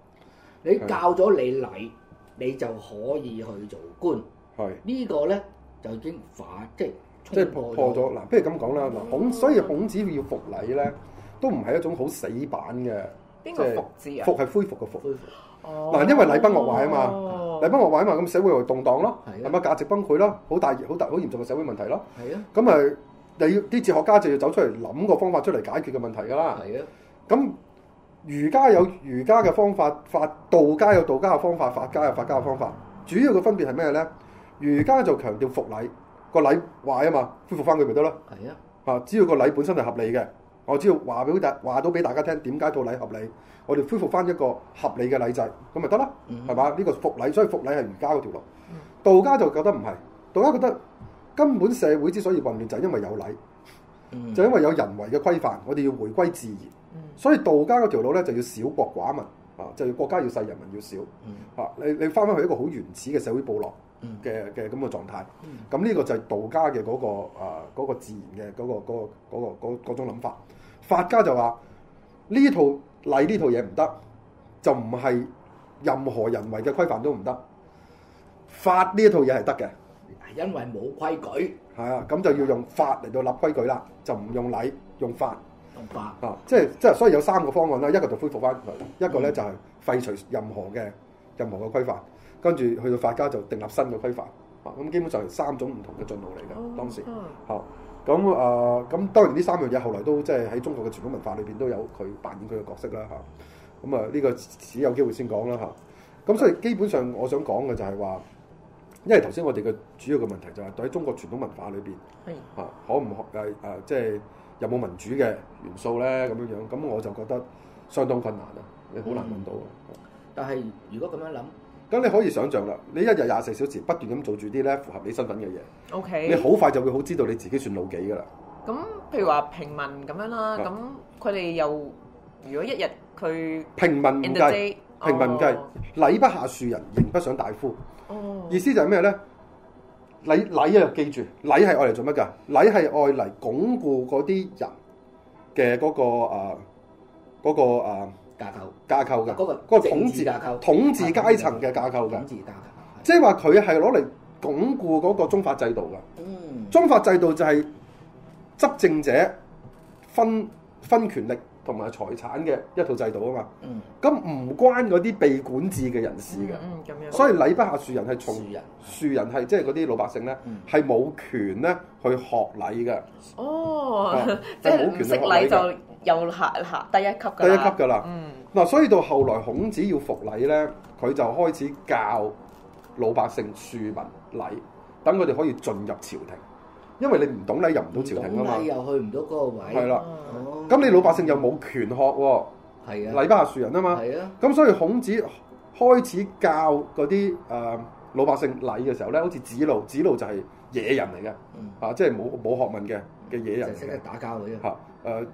你教咗你禮，你就可以去做官。係呢個咧就已經反，即係即係破破咗。嗱，不如咁講啦。孔所以孔子要復禮咧，都唔係一種好死板嘅。邊個復字啊？復係恢復嘅復。哦。嗱，因為禮崩樂壞啊嘛。哦。禮崩樂壞啊嘛，咁社會就動盪咯。係啊。咁啊價值崩潰咯，好大好大好嚴重嘅社會問題咯。係啊。咁咪，你啲哲學家就要走出嚟諗個方法出嚟解決嘅問題㗎啦。係啊。咁。儒家有儒家嘅方法法，道家有道家嘅方法法，法家有法家嘅方法。主要嘅分別係咩呢？儒家就強調復禮，個禮壞啊嘛，恢復翻佢咪得咯。係啊的，只要個禮本身係合理嘅，我只要話俾大話到俾大家聽，點解套禮合理，我哋恢復翻一個合理嘅禮制，咁咪得咯，係嘛？呢、嗯、個復禮，所以復禮係儒家嗰條路。道家就覺得唔係，道家覺得根本社會之所以混亂就係因為有禮，嗯、就因為有人為嘅規範，我哋要回歸自然。所以道家嗰條路咧就要小國寡民啊，就要國家要細，人民要少。吓、嗯啊、你你翻翻去一個好原始嘅社會部落嘅嘅咁個狀態。咁呢、嗯嗯、個就係道家嘅嗰、那個啊、那個自然嘅嗰、那個嗰、那個、那個、那個那個那個那個、種諗法。法家就話呢套禮呢套嘢唔得，就唔係任何人為嘅規範都唔得。法呢套嘢係得嘅，因為冇規矩。係啊，咁就要用法嚟到立規矩啦，就唔用禮，用法。嗯、啊，即係即係，所以有三個方案啦，一個就恢復翻，一個咧就係廢除任何嘅任何嘅規範，跟住去到法家就訂立新嘅規範啊，咁、嗯、基本上係三種唔同嘅進路嚟嘅當時，嚇咁啊，咁、啊啊、當然呢三樣嘢後來都即係喺中國嘅傳統文化裏邊都有佢扮演佢嘅角色啦嚇，咁啊呢、啊呢個只有機會先講啦嚇，咁、啊啊、所以基本上我想講嘅就係話，因為頭先我哋嘅主要嘅問題就係喺中國傳統文化裏邊啊可唔可誒誒即係？有冇民主嘅元素咧？咁樣樣咁我就覺得相當困難啊！你好難揾到啊！嗯嗯、但係如果咁樣諗，咁你可以想像啦，你一日廿四小時不斷咁做住啲咧符合你身份嘅嘢。O K。你好快就會好知道你自己算老幾㗎啦。咁譬如話平民咁樣啦，咁佢哋又如果一日佢平民唔計，平民唔計，哦、計，禮不下庶人，刑不上大夫。哦。意思就係咩咧？禮禮啊，記住，禮係愛嚟做乜㗎？禮係愛嚟鞏固嗰啲人嘅嗰個啊嗰個啊架構架構㗎，嗰個嗰個統治架構，統治階層嘅架構㗎。即係話佢係攞嚟鞏固嗰個中法制度㗎。嗯，中法制度就係執政者分分權力同埋財產嘅一套制度啊嘛，咁唔、嗯、關嗰啲被管治嘅人士嘅，嗯嗯、樣，所以禮不下庶人，係從庶人係即係嗰啲老百姓咧係冇權咧去學禮嘅，哦，嗯權嗯、即冇唔識禮就有下下低一級嘅，低一級㗎啦，嗱、嗯，所以到後來孔子要復禮咧，佢就開始教老百姓庶民禮，等佢哋可以進入朝廷。因為你唔懂禮，入唔到朝廷啊嘛。你又去唔到嗰個位。係啦。咁你老百姓又冇權學喎。啊。是的 禮不下庶人啊嘛。係啊。咁所以孔子開始教嗰啲誒老百姓禮嘅時候咧，好似子路，子路就係野人嚟嘅。啊，即係冇冇學問嘅嘅野人。就識得、嗯、打交嘅啫。嚇、呃。誒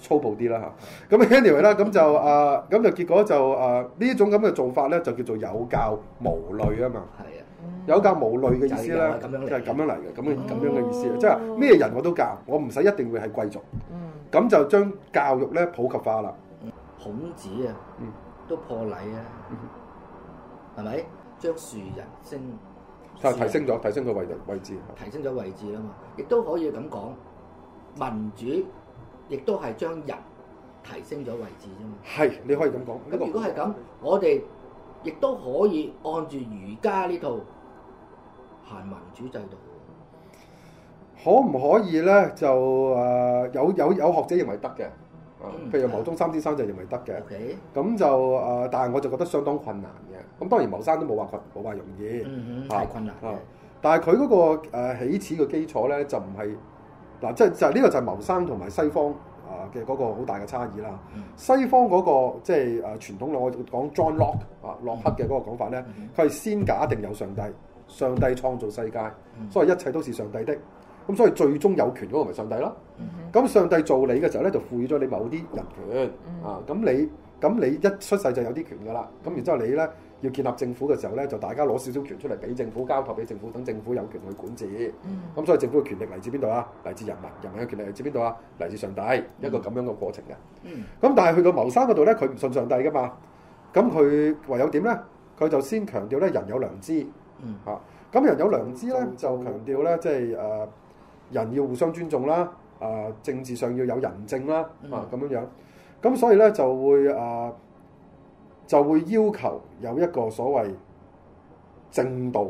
粗暴啲啦嚇。咁、啊嗯、anyway 啦，咁就啊，咁就結果就啊呢一種咁嘅做法咧，就叫做有教無類啊嘛。係啊。有教無類嘅意思啦，就係咁樣嚟嘅，咁樣咁樣嘅意思啊，即係咩人我都教，我唔使一定會係貴族，咁就將教育咧普及化啦。孔子啊，都破例啊，係咪將庶人升？就提升咗，提升咗位位置。提升咗位置啊嘛，亦都可以咁講，民主亦都係將人提升咗位置啫嘛。係，你可以咁講。咁如果係咁，我哋。亦都可以按住儒家呢套行民主制度，可唔可以咧？就誒有有有學者認為得嘅，嗯、譬如牟宗三之三就認為得嘅。咁 Okay. 就誒，但係我就覺得相當困難嘅。咁當然牟先生都冇話困，冇話容易太、嗯、哼是困難嚇。但係佢嗰個起始嘅基礎咧，就唔係嗱，即係就呢個就係牟先生同埋西方。啊嘅嗰個好大嘅差異啦，西方嗰、那個即係誒、啊、傳統我講 John Locke 啊，洛克嘅嗰個講法咧，佢係先假定有上帝，上帝創造世界，所以一切都是上帝的，咁所以最終有權嗰個係上帝咯。咁上帝做你嘅時候咧，就賦予咗你某啲人權啊。咁你，咁你一出世就有啲權㗎啦。咁然之後你咧。要建立政府嘅時候呢，就大家攞少少權出嚟俾政，政府，交託俾政府，等政府有權去管治。咁所以政府嘅權力嚟自邊度啊？嚟自人民，人民嘅權力嚟自邊度啊？嚟自上帝，一個咁樣嘅過程嘅。咁、嗯、但係去到謀生嗰度呢，佢唔信上帝噶嘛。咁佢唯有點呢，佢就先強調呢：「人有良知。嚇、嗯，咁、啊、人有良知呢，就，就強調呢，即係誒、呃、人要互相尊重啦，啊、呃，政治上要有仁政啦，啊咁樣樣。咁所以呢，就會啊。呃就會要求有一個所謂正道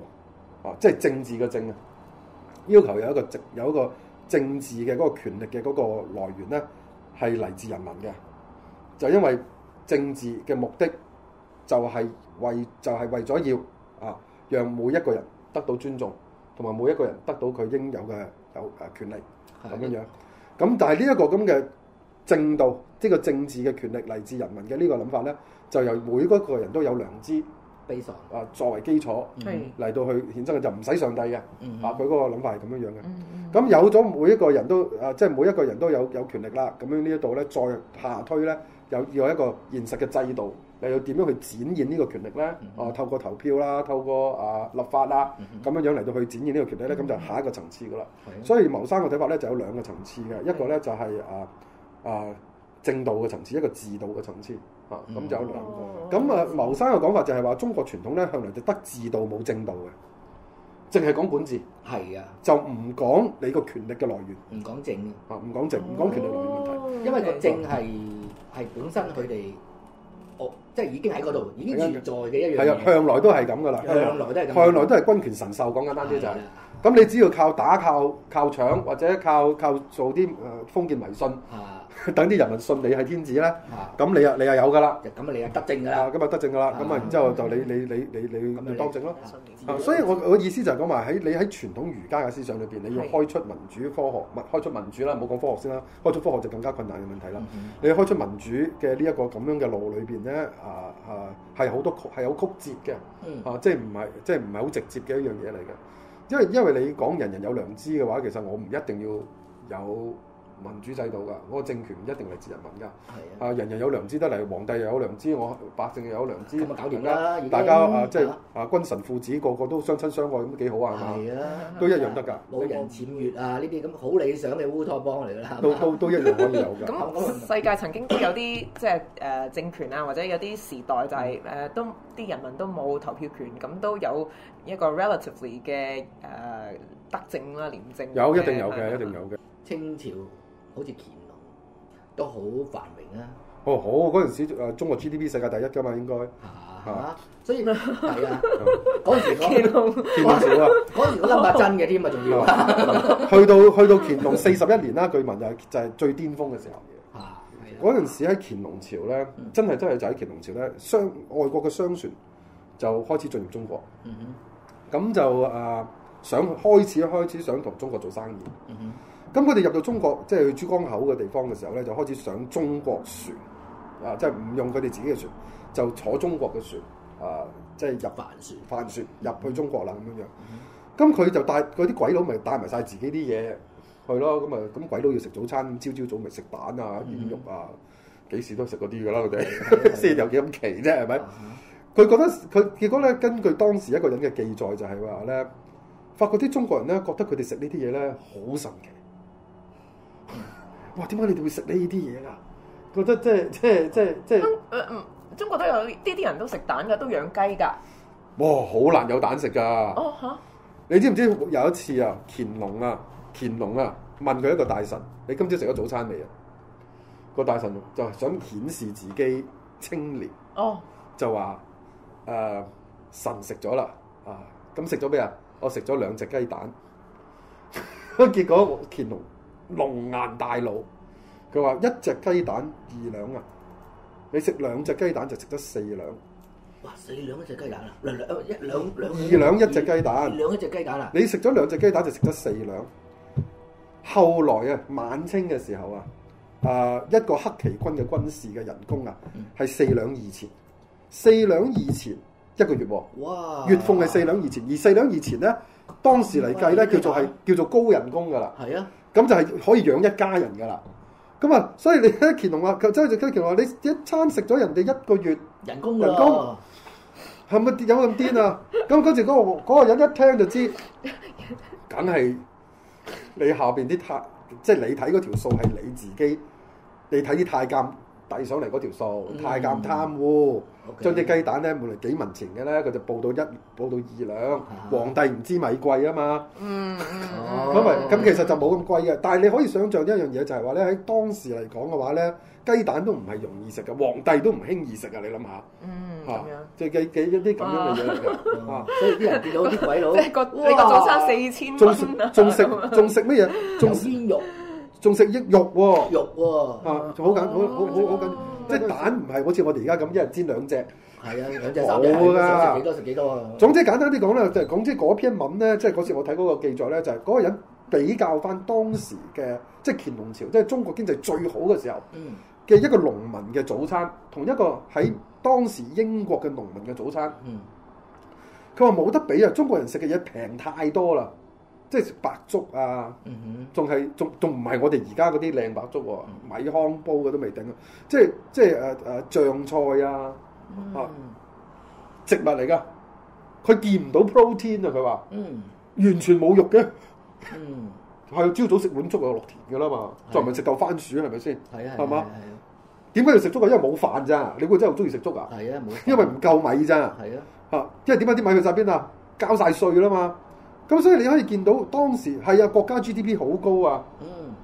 啊，即係政治嘅正啊，要求有一個政有一個政治嘅嗰個權力嘅嗰個來源呢，係嚟自人民嘅。就因為政治嘅目的就係為就係、是、為咗要啊，讓每一個人得到尊重，同埋每一個人得到佢應有嘅有誒權利咁樣的樣。咁但係呢一個咁嘅正道，即、嗰個政治嘅權力嚟自人民嘅呢個諗法呢。就由每一個人都有良知，啊作為基礎嚟到去，衍生就唔使上帝嘅，啊佢嗰個諗法係咁樣樣嘅。咁有咗每一個人都啊，即係每一個人都有有權力啦。咁樣呢一度咧，再下推咧，有有一個現實嘅制度，又要點樣去展現呢個權力咧？啊，透過投票啦，透過啊立法啦，咁樣樣嚟到去展現呢個權力咧，咁就下一個層次噶啦。所以牟生嘅睇法咧就有兩個層次嘅，一個咧就係啊啊。正道嘅層次，一個治道嘅層次，嚇咁就有兩個。咁啊，謀生嘅講法就係話，中國傳統咧向來就得治道冇正道嘅，淨係講本治。係啊，就唔講你個權力嘅來源，唔講正啊，唔講正，唔講權力來源問題，因為個正係係本身佢哋，哦，即係已經喺嗰度，已經存在嘅一樣。係啊，向來都係咁噶啦，向來都係咁，向來都係君權神授。講簡單啲就係，咁你只要靠打、靠靠搶或者靠靠做啲封建迷信。 等啲人民信你係天子啦，咁你又你又有噶啦，咁你又得政噶啦，咁啊得政噶啦，咁啊然之後就你你你你你當政咯。 所以我我意思就係講埋喺你喺傳統儒家嘅思想裏邊，你要開出民主科學，唔開出民主啦，唔好講科學先啦，開出科學就更加困難嘅問題啦。 你要開出民主嘅呢一個咁樣嘅路裏邊咧，啊啊係好多係好曲折嘅，啊即係唔係即係唔係好直接嘅一樣嘢嚟嘅。因為因為你講人人有良知嘅話，其實我唔一定要有。民主制度㗎，嗰個政權一定係嚟自人民㗎。係啊，人人有良知得嚟，皇帝又有良知，我百姓又有良知，咁搞掂啦！大家啊，即係啊，君臣父子個個都相親相愛，咁幾好啊！係啊，都一樣得㗎。冇人僭越啊！呢啲咁好理想嘅烏托邦嚟㗎啦。都都都一樣可以有㗎。咁世界曾經都有啲即係誒政權啊，或者有啲時代就係誒都啲人民都冇投票權，咁都有一個 relatively 嘅誒德政啦、廉政。有一定有嘅，一定有嘅。清朝。好似乾隆都好繁榮啊！哦，好嗰陣時中國 GDP 世界第一㗎嘛，應該嚇、uh, uh, Yeah. 所以係 啊，嗰陣時講乾隆啊，嗰陣時嗰粒真嘅添啊，仲要去到去到乾隆四十一年啦，據聞就係、是、就係、是、最巔峰嘅時候嘅。啊，係啊！嗰時喺乾隆朝咧，真係真係就喺乾隆朝咧，商外國嘅商船就開始進入中國。Mm hmm. 嗯哼，咁就啊，想開始開始想同中國做生意。嗯哼、mm。Hmm. 咁佢哋入到中國，即係去珠江口嘅地方嘅時候咧，就開始上中國船，啊，即係唔用佢哋自己嘅船，就坐中國嘅船，啊，即係入帆船、帆船入去中國啦咁樣樣。咁佢就帶嗰啲鬼佬，咪帶埋晒自己啲嘢去咯。咁啊，咁鬼佬要食早餐，朝朝早咪食蛋啊、煙肉啊，幾時都食嗰啲㗎啦。佢哋先有幾咁奇啫，係咪？佢 覺得佢結果咧，根據當時一個人嘅記載，就係話咧，發覺啲中國人咧覺得佢哋食呢啲嘢咧好神奇。哇！點解你哋會食呢啲嘢噶？覺得即係即係即係即係，中誒國都有呢啲人都食蛋噶，都養雞噶。哇、哦！好難有蛋食噶。哦嚇！你知唔知有一次啊？乾隆啊，乾隆啊，問佢一個大臣：你今朝食咗早餐未啊？個大臣就想顯示自己清廉。哦。就話誒，臣食咗啦。啊，咁食咗咩啊？我食咗兩隻雞蛋。個 結果，乾隆。龍眼大佬，佢話一隻雞蛋二兩啊，你食兩隻雞蛋就食得四兩。哇！四兩一隻雞蛋啦，兩兩一兩兩。二兩一隻雞蛋，兩一隻雞蛋啦。你食咗兩隻雞蛋就食得四兩。後來啊，晚清嘅時候啊，啊一個黑旗軍嘅軍事嘅人工啊，係四兩二錢，四兩二錢一個月。哇！月俸係四兩二錢，而四兩二錢咧，當時嚟計咧，叫做係叫做高人工噶啦。係啊。咁就係可以養一家人噶啦，咁啊，所以你乾隆啊，佢即係乾隆話，你一餐食咗人哋一個月人工，人工係咪有咁癲啊？咁跟住嗰個人一聽就知，梗係你下邊啲太，即係你睇嗰條數係你自己，你睇啲太監遞上嚟嗰條數，嗯、太監貪污。將啲雞蛋咧，無論幾文錢嘅咧，佢就報到一報到二兩。皇帝唔知米貴啊嘛，因為咁其實就冇咁貴嘅。但係你可以想像一樣嘢，就係話咧喺當時嚟講嘅話咧，雞蛋都唔係容易食嘅，皇帝都唔輕易食啊！你諗下，即係計計咗啲咁樣嘅嘢，嘅。所以啲人見到啲鬼佬，即係個早餐四千蚊，哇，仲食仲食仲食咩嘢？仲鮮肉，仲食益肉喎，嚇，仲好緊，好好好好緊。即係蛋唔係好似我哋而家咁，一日煎兩隻。係啊，兩隻十蚊。食幾多食幾多啊？總之簡單啲講咧，就係總之嗰篇文咧，即係嗰次我睇嗰個記載咧，就係嗰個人比較翻當時嘅，嗯，即係乾隆朝，即係中國經濟最好嘅時候嘅，嗯，一個農民嘅早餐，同一個喺當時英國嘅農民嘅早餐。佢話冇得比啊！中國人食嘅嘢平太多啦。即係白粥啊，仲係仲仲唔係我哋而家嗰啲靚白粥喎，啊，嗯、米糠煲嘅都未定啊！即係即係誒誒醬菜啊，啊植物嚟㗎，佢見唔到 protein 啊！佢話完全冇肉嘅，係朝、嗯啊、早食碗粥就落田㗎啦嘛，再唔係食嚿番薯係咪先？係啊，係嘛？點解要食粥啊？因為冇飯咋，你估真係好中意食粥啊？係啊，因為唔夠米咋，係啊，啊，因為點解啲米去晒邊啊？交晒稅啦嘛。咁所以你可以見到當時係啊，國家 GDP 好高啊，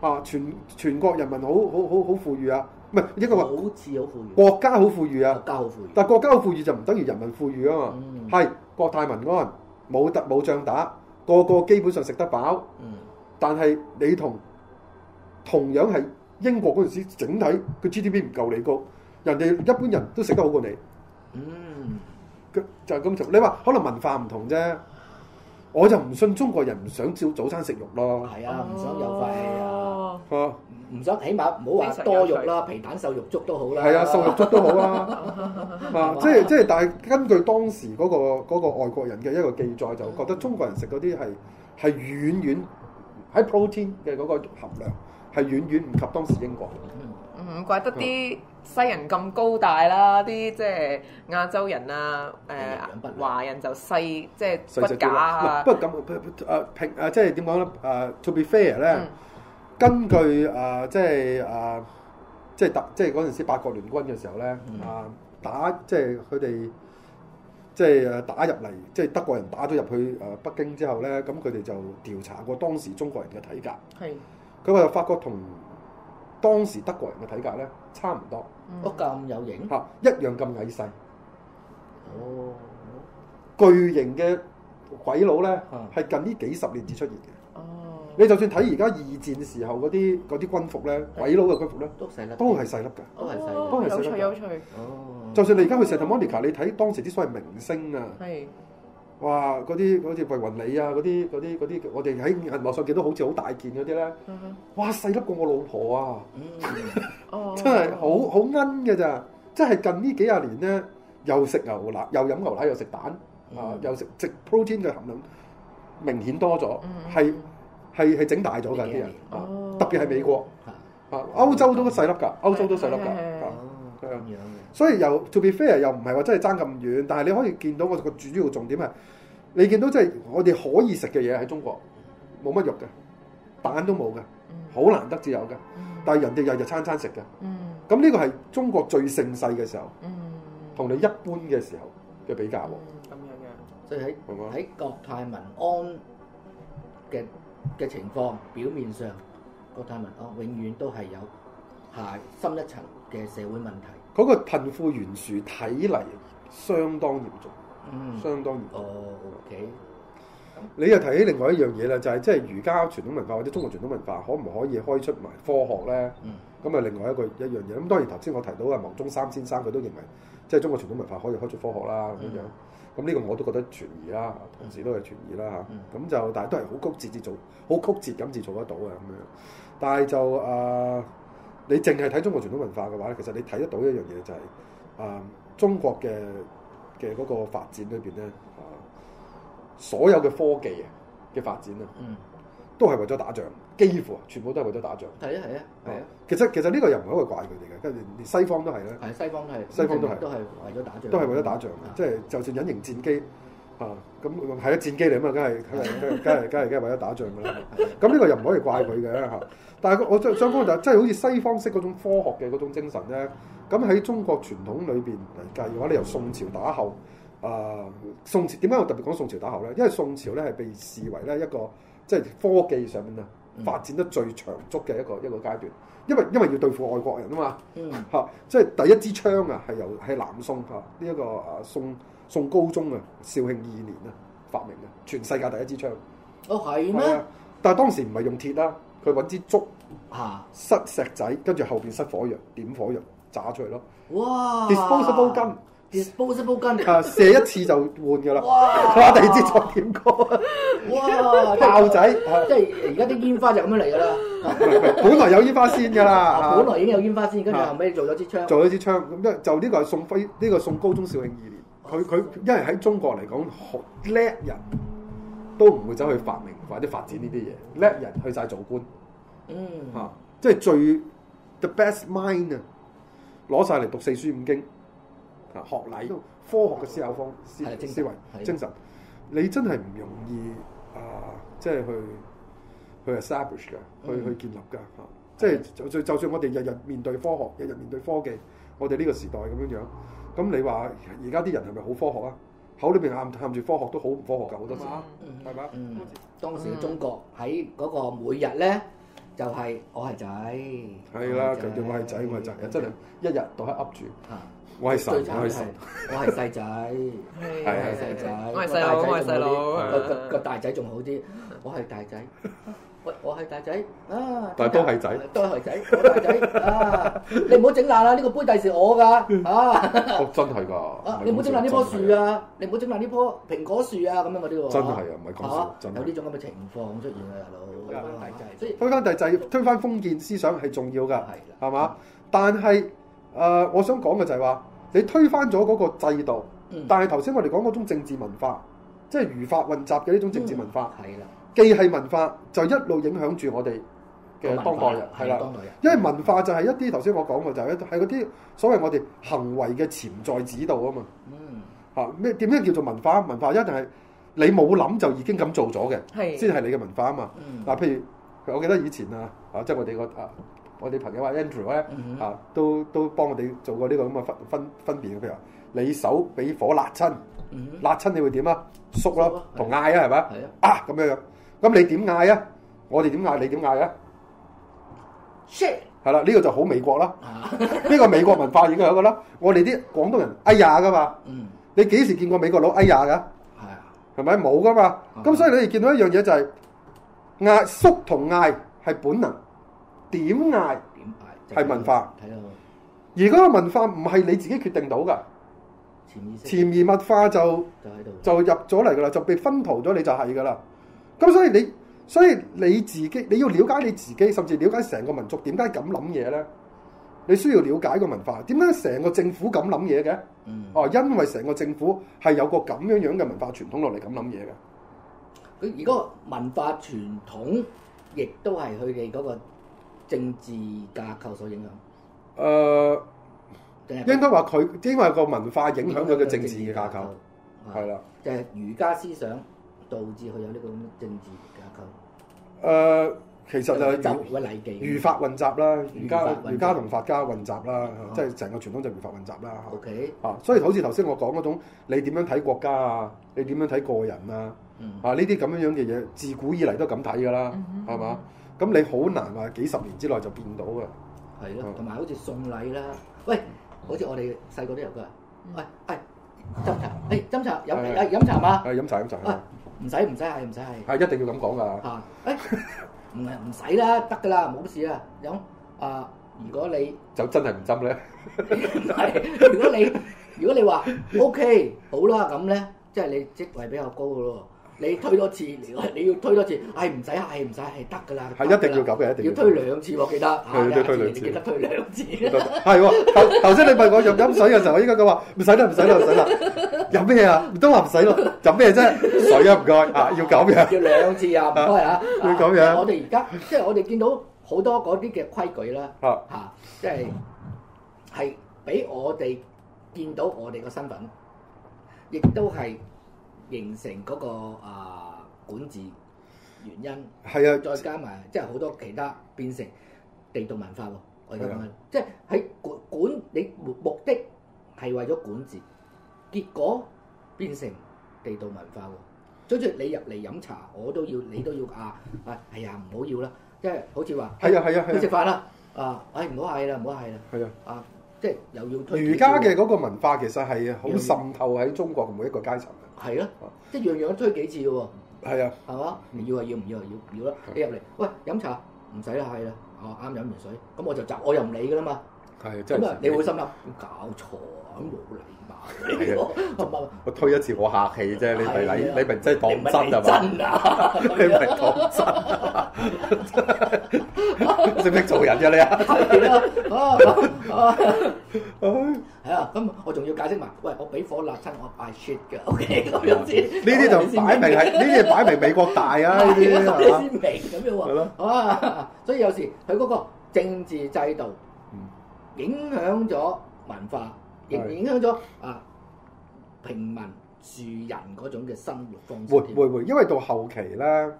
啊全全國人民好好好好富裕啊，唔係應該話國家好富裕，國家好富裕啊，國家好富裕，但國家好富裕就唔等於人民富裕啊嘛，係國泰民安，冇得冇仗打，個個基本上食得飽，但係你同同樣係英國嗰陣時，整體個 GDP 唔夠你高，人哋一般人都食得好過你，嗯，就係咁同你話，可能文化唔同啫。我就唔信中國人唔想照早餐食肉咯，係啊，唔想有肥啊，唔、啊、唔想起碼唔好話多肉啦，皮蛋瘦肉粥都好啦，係啊，瘦吧肉粥都好啦。啊，吧即係即係，但係根據當時嗰、嗰個嗰個外國人嘅一個記載，就覺得中國人食嗰啲係係遠遠喺 protein 嘅嗰個含量係遠遠唔及當時英國，唔怪得啲。西人咁高大啦，啲即係亞洲人啊，誒、呃、華人就細，即係骨架啊。不過咁，不啊平，啊，平啊，即係點講咧？啊，to be fair 咧、嗯，根據啊，即係啊，即係特即係嗰陣時八國聯軍嘅時候咧，嗯、啊打即係佢哋即係打入嚟，即係德國人打咗入去啊北京之後咧，咁佢哋就調查過當時中國人嘅體格。係的。佢話是發覺同當時德國人嘅體格咧差唔多。都咁有型，嚇一樣咁矮細。哦，巨型嘅鬼佬咧，係近呢幾十年至出現嘅。哦，你就算睇而家二戰時候嗰啲啲軍服咧，鬼佬嘅軍服咧，都細粒，都係細粒㗎，都係細，都係細粒。有趣有趣。哦，就算你而家去成個 Monica，你睇當時啲所謂明星啊。係。哇！嗰啲好似維雲裏啊，嗰啲啲啲，我哋喺銀幕上見到好似好大件嗰啲咧，哇！細粒過我老婆啊，真係好好奀嘅咋！即係近呢幾廿年咧，又食牛奶，又飲牛奶，又食蛋啊，又食食 protein 嘅含量明顯多咗，係係係整大咗㗎啲人，特別係美國啊，歐洲都細粒㗎，歐洲都細粒㗎，哦。所以又 to be fair 又唔係話真係爭咁遠，但係你可以見到，我個主要重點係你見到即係我哋可以食嘅嘢喺中國冇乜肉嘅，蛋都冇嘅，好難得至有嘅，但係人哋日日餐餐食嘅。嗯，咁呢個係中國最盛世嘅時候，嗯，同你一般嘅時候嘅比較喎。咁樣、嗯，嘅、嗯，嗯、所以喺喺國泰民安嘅嘅情況，表面上國泰民安，永遠都係有下深一層嘅社會問題。嗰個貧富懸殊睇嚟相當嚴重，相當嚴重。Mm. Okay. 你又提起另外一樣嘢啦，就係即係儒家傳統文化或者中國傳統文化，可唔可以開出埋科學呢？咁啊，另外一個一樣嘢，咁當然頭先我提到啊，牟宗三先生佢都認為，即係中國傳統文化可以開出科學啦咁樣。mm. 咁呢個我都覺得存疑啦，同時都係存疑啦嚇。咁就但係都係好曲折，至做好曲折咁至做得到嘅咁樣。但係就啊～你淨係睇中國傳統文化嘅話咧，其實你睇得到一樣嘢就係、是、啊、呃，中國嘅嘅嗰個發展裏邊咧，啊、呃，所有嘅科技嘅發展咧，嗯，都係為咗打仗，幾乎啊，全部都係為咗打仗。係、嗯、啊係啊係啊！其實其實呢個又唔係一個怪佢哋嘅，跟住連西方都係咧。係西方都係，西方都係都係為咗打仗，嗯、都係為咗打仗。即係、嗯、就，就算隱形戰機。啊，咁係一戰機嚟啊嘛，梗係梗係梗係梗係梗係為咗打仗嘅啦。咁呢個又唔可以怪佢嘅嚇。但係我想講就係即係好似西方式嗰種科學嘅嗰種精神咧。咁、啊、喺中國傳統裏邊嚟計嘅話，你由宋朝打後啊，宋朝點解我特別講宋朝打後咧？因為宋朝咧係被視為咧一個即係科技上面啊發展得最長足嘅一個一個階段。因為因為要對付外國人嘛啊嘛嚇，即係第一支槍啊係由係南宋嚇呢一個啊宋。宋高宗啊，紹興二年啊，發明啊，全世界第一支槍。哦、oh，係咩？但係當時唔係用鐵啦，佢揾支竹，啊，塞石仔，跟住後邊塞火藥，點火藥炸出嚟咯。哇！disposable gun，disposable gun。Gun，啊！射一次就換㗎啦。哇！攞、啊、第二支再點過。哇！ 炮仔，即係而家啲煙花就咁樣嚟㗎啦。啊、 本來有煙花先㗎啦、啊。本來已經有煙花先，跟住後尾做咗支槍。做咗支槍，咁即就呢個係宋飛，呢、呢個宋高宗紹興二年。佢佢，因為喺中國嚟講，叻人都唔會走去發明或者發展呢啲嘢，叻人去晒做官，嚇，即係最 the best mind 啊，攞晒嚟讀四書五經，啊，學禮科學嘅思考方思思維精神，你真係唔容易啊，即係去去 establish 嘅，去去建立嘅，嚇，即係就就就算我哋日日面對科學，日日面對科技，我哋呢個時代咁樣樣。咁你話而家啲人係咪好科學啊？口裏邊含含住科學都好唔科學㗎，好多時，係嘛？當時嘅中國喺嗰個每日咧，就係我係仔，係啦，強調我係仔，我係仔，真係一日到黑噏住，我係神，我係神，我係細仔，係細仔，我係細佬，我係細佬，個大仔仲好啲，我係大仔。喂，我係大仔啊！但係都係仔，都係仔，我大仔啊！你唔好整爛啦，呢個杯底是我噶啊！真係噶啊！你唔好整爛呢棵樹啊！你唔好整爛呢棵蘋果樹啊！咁樣嗰啲喎，真係啊，唔係講笑，有呢種咁嘅情況出現啊，大佬，樣係真，所以翻第就推翻封建思想係重要噶，係啦，係嘛？但係誒，我想講嘅就係話，你推翻咗嗰個制度，但係頭先我哋講嗰種政治文化，即係儒法混雜嘅呢種政治文化，係啦。既係文化，就一路影響住我哋嘅當代人，係啦，當代人，因為文化就係一啲頭先我講嘅，就係一係嗰啲所謂我哋行為嘅潛在指導啊嘛。嗯。嚇咩點樣叫做文化？文化一定係你冇諗就已經咁做咗嘅，先係你嘅文化啊嘛。嗱，譬如我記得以前啊，啊，即係我哋個啊，我哋朋友阿 Andrew 咧，嚇都都幫我哋做過呢個咁嘅分分分辨，譬如話你手俾火辣親，辣親你會點啊？縮咯，同嗌啊，係咪？係啊。咁樣樣。咁你點嗌啊？我哋點嗌，你點嗌啊 shit 係啦噓，呢、這個就好美國啦，呢 個美國文化影響嘅啦。我哋啲廣東人哎呀嘅嘛，嗯、你幾時見過美國佬哎呀嘅？係啊的，係咪冇嘅嘛？咁的所以你哋見到一樣嘢就係壓縮同嗌係本能，點嗌點嗌係文化，就是、而嗰個文化唔係你自己決定到嘅潛移默化就就，就入咗嚟嘅啦，就被薰陶咗你就係嘅啦。咁所以你，所以你自己你要了解你自己，甚至了解成個民族點解咁諗嘢咧？你需要了解個文化。點解成個政府咁諗嘢嘅？嗯。哦，因為成個政府係有個咁樣樣嘅文化傳統落嚟咁諗嘢嘅。佢如果文化傳統亦都係佢哋嗰個政治架構所影響，誒、呃，嗰個、應該話佢因為個文化影響咗佢嘅政治嘅架構，係啦、啊。的就係儒家思想。導致佢有呢個咁嘅政治架構。誒，其實就係雜，儒法混雜啦，儒家同法家混雜啦，即係成個傳統就儒法混雜啦。嚇，所以好似頭先我講嗰種，你點樣睇國家啊？你點樣睇個人啊？啊，呢啲咁樣樣嘅嘢，自古以嚟都咁睇㗎啦，係嘛？咁你好難話幾十年之內就變到㗎。係咯，同埋好似送禮啦。喂，好似我哋細個都有㗎。喂，係斟茶，誒斟茶飲，誒飲茶嘛？係飲茶飲茶，唔使唔使係唔使係，係一定要咁講噶。啊，誒，唔係唔使啦，得噶啦，冇事啦。咁啊，如果你就真係唔斟咧，如果你如果你話 OK 好啦咁咧，即係你職位比較高嘅咯，你推多次，你要你要推多次，係唔使係唔使係得噶啦。係一定要咁嘅，一定要。要推兩次，我記得。係要推兩次。記得推兩次。係喎，頭頭先你問我用飲水嘅時候，我應該講話唔使啦，唔使啦，唔使啦。飲咩啊？都話唔使咯。飲咩啫？水啊！唔該啊，要咁樣要兩次啊，唔該啊，要咁樣。我哋而家即係我哋見到好多嗰啲嘅規矩啦，嚇，即係係俾我哋見到我哋個身份，亦都係形成嗰個啊管治原因。係啊，再加埋即係好多其他變成地道文化咯。我哋而家即係喺管管你目的係為咗管治。結果變成地道文化喎，總之你入嚟飲茶，我都要你都要啊！啊，哎呀，唔好要啦，即係好似話，係啊係啊係食飯啦啊！哎，唔好嗌啦，唔好嗌啦，係啊啊！即係又要推而家嘅嗰個文化，其實係好滲透喺中國嘅每一個階層嘅。係咯，即係樣樣推幾次嘅喎。係啊，係嘛？要係要，唔要係要，唔要啦！你入嚟，喂，飲茶唔使啦，係啦，哦啱飲完水，咁我就執，我又唔理嘅啦嘛。係真係。咁啊，你會心諗搞錯啊！咁無係我推一次我客氣啫，你、啊、你你咪真係當真，明明當真啊？你咪當真？識唔識做人啫你？係啊？係啊，咁我仲要解釋埋，喂、啊，我俾火辣親我賣雪嘅，OK，咁呢啲就擺明係，呢啲擺明美國大啊，呢啲 啊。先明咁樣係咯。 啊，所以有時佢嗰個政治制度影響咗文化。影響咗啊平民庶人嗰種嘅生活方式。會會會，因為到後期咧，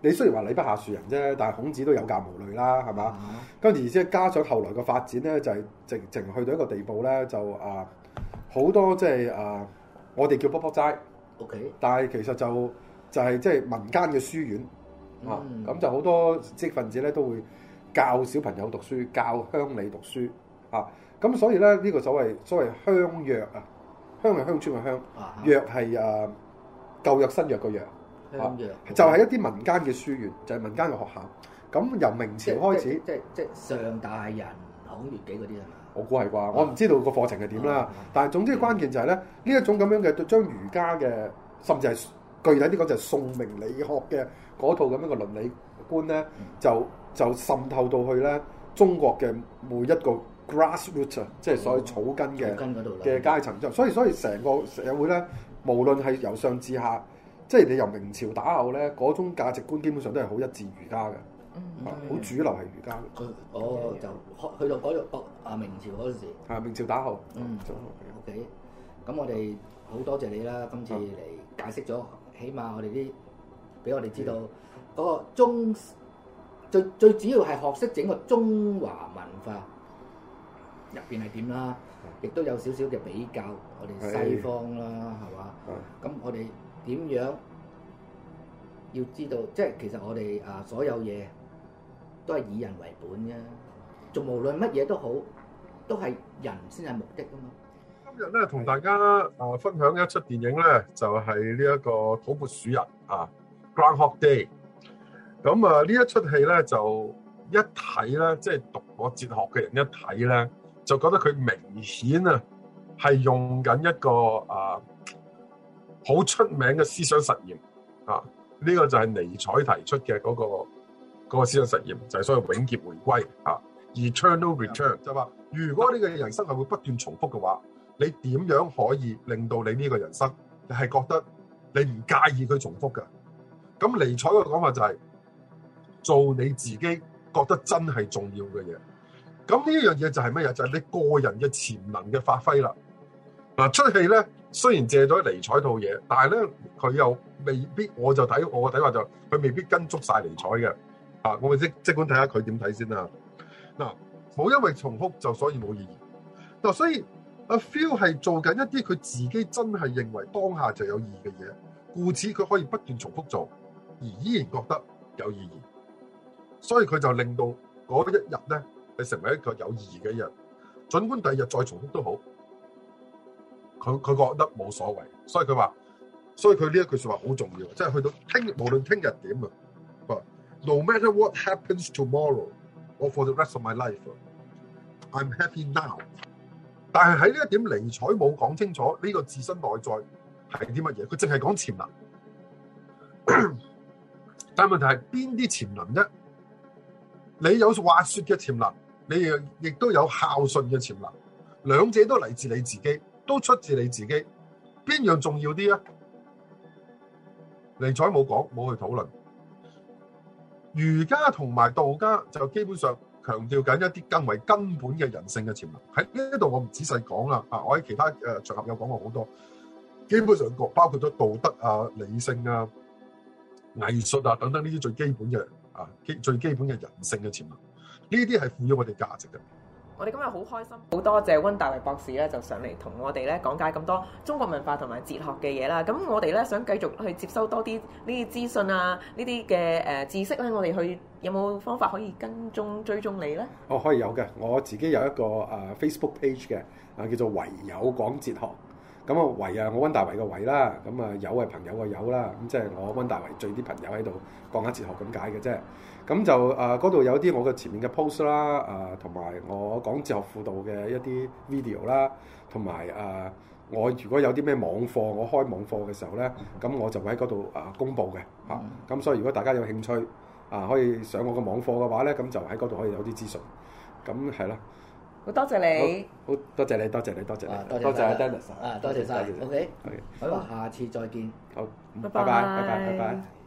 你雖然話禮不下庶人啫，但係孔子都有教無類啦，係嘛？嗯、跟住而且加上後來嘅發展咧，就係直直去到一個地步咧，就啊好多即係啊我哋叫卜卜齋。OK，但係其實就就係即係民間嘅書院啊，咁、嗯啊、就好多知識分子咧都會教小朋友讀書，教鄉里讀書啊。咁所以咧，呢、這個所謂所謂鄉約啊，鄉係鄉村嘅鄉，約係誒舊約新約嘅約，約啊、就係一啲民間嘅書院，嗯、就係民間嘅學校。咁、嗯嗯、由明朝開始，即係即係上大人孔乙己嗰啲啊，我估係啩，我唔知道個課程係點啦。嗯嗯、但係總之關鍵就係、是、咧，呢一種咁樣嘅將儒家嘅，甚至係具體啲講就係宋明理學嘅嗰套咁樣嘅倫理觀咧，就就，就，就滲透到去咧中國嘅每一個。grassroot 啊，Grass root，即係所謂草根嘅嗰度嘅階層，即所以所以成個社會咧，無論係由上至下，即係你由明朝打後咧，嗰種價值觀基本上都係好一致儒家嘅，好、嗯、的主流係儒家嘅。哦，我就去到嗰、嗰個啊明朝嗰時。啊，明朝，明朝打後。嗯。O K，咁我哋好多謝你啦，今次嚟解釋咗，起碼我哋啲俾我哋知道嗰的個中，最最主要係學識整個中華文化。入邊係點啦？亦都有少少嘅比較，我哋西方啦，係嘛？咁我哋點樣要知道？即係其實我哋啊，所有嘢都係以人為本啫。就無論乜嘢都好，都係人先係目的噶嘛。今日咧，同大家啊分享一出電影咧，就係呢一個《土撥鼠日》啊，《Groundhog Day》。咁啊，呢一出戲咧，就一睇咧，即係讀過哲學嘅人一睇咧。就覺得佢明顯啊，係用緊一個啊好出名嘅思想實驗啊，呢、這個就係尼采提出嘅嗰、那個那個思想實驗，就係、是、所謂永劫回歸啊，Eternal Return 啊就話如果呢個人生係會不斷重複嘅話，你點樣可以令到你呢個人生你係覺得你唔介意佢重複嘅？咁尼采嘅講法就係、是、做你自己覺得真係重要嘅嘢。咁呢樣嘢就係乜嘢？就係、是、你個人嘅潛能嘅發揮啦。嗱，出戲咧雖然借咗尼采套嘢，但係咧佢又未必，我就睇我嘅睇法就佢未必跟足晒尼采嘅。啊，我咪即即管睇下佢點睇先啦。嗱、啊，冇因為重複就所以冇意義。嗱、啊，所以阿 feel 係做緊一啲佢自己真係認為當下就有意義嘅嘢，故此佢可以不斷重複做，而依然覺得有意義。所以佢就令到嗰一日咧。你成為一個有意義嘅人，盡管第二日再重複都好，佢佢覺得冇所謂，所以佢話，所以佢呢一句說話好重要，即係去到聽無論聽日點啊，No matter what happens tomorrow，我 for the rest of my life，I'm happy now。但係喺呢一點尼采冇講清楚呢個自身內在係啲乜嘢，佢淨係講潛能， 但係問題係邊啲潛能啫？你有話說嘅潛能？你亦都有孝順嘅潛能，兩者都嚟自你自己，都出自你自己，邊樣重要啲啊？尼采冇講，冇去討論。儒家同埋道家就基本上強調緊一啲更為根本嘅人性嘅潛能。喺呢度我唔仔細講啦，啊，我喺其他誒場合有講過好多，基本上包括咗道德啊、理性啊、藝術啊等等呢啲最基本嘅啊，基最基本嘅人性嘅潛能。呢啲係賦咗我哋價值嘅。我哋今日好開心，好多謝溫帶維博士咧，就上嚟同我哋咧講解咁多中國文化同埋哲學嘅嘢啦。咁我哋咧想繼續去接收多啲呢啲資訊啊，呢啲嘅誒知識咧，我哋去有冇方法可以跟蹤追蹤你咧？哦，可以有嘅，我自己有一個誒 Facebook page 嘅，啊，叫做唯有講哲學。咁啊，維啊，我溫帶維嘅維啦，咁啊，友係朋友個友啦，咁即係我溫帶維聚啲朋友喺度講下哲學咁解嘅啫。咁就啊，嗰度有啲我嘅前面嘅 post 啦，啊，同埋我講哲學輔導嘅一啲 video 啦，同埋啊，我如果有啲咩網課，我開網課嘅時候咧，咁我就會喺嗰度啊公佈嘅嚇。咁、啊、所以如果大家有興趣啊，可以上我嘅網課嘅話咧，咁就喺嗰度可以有啲資訊。咁係啦。好多謝你，好多謝你，多謝你，多謝你，多謝啊，多謝啊 Dennis 啊，多謝曬，O K，好，下次再見，好，拜拜，拜拜，拜拜。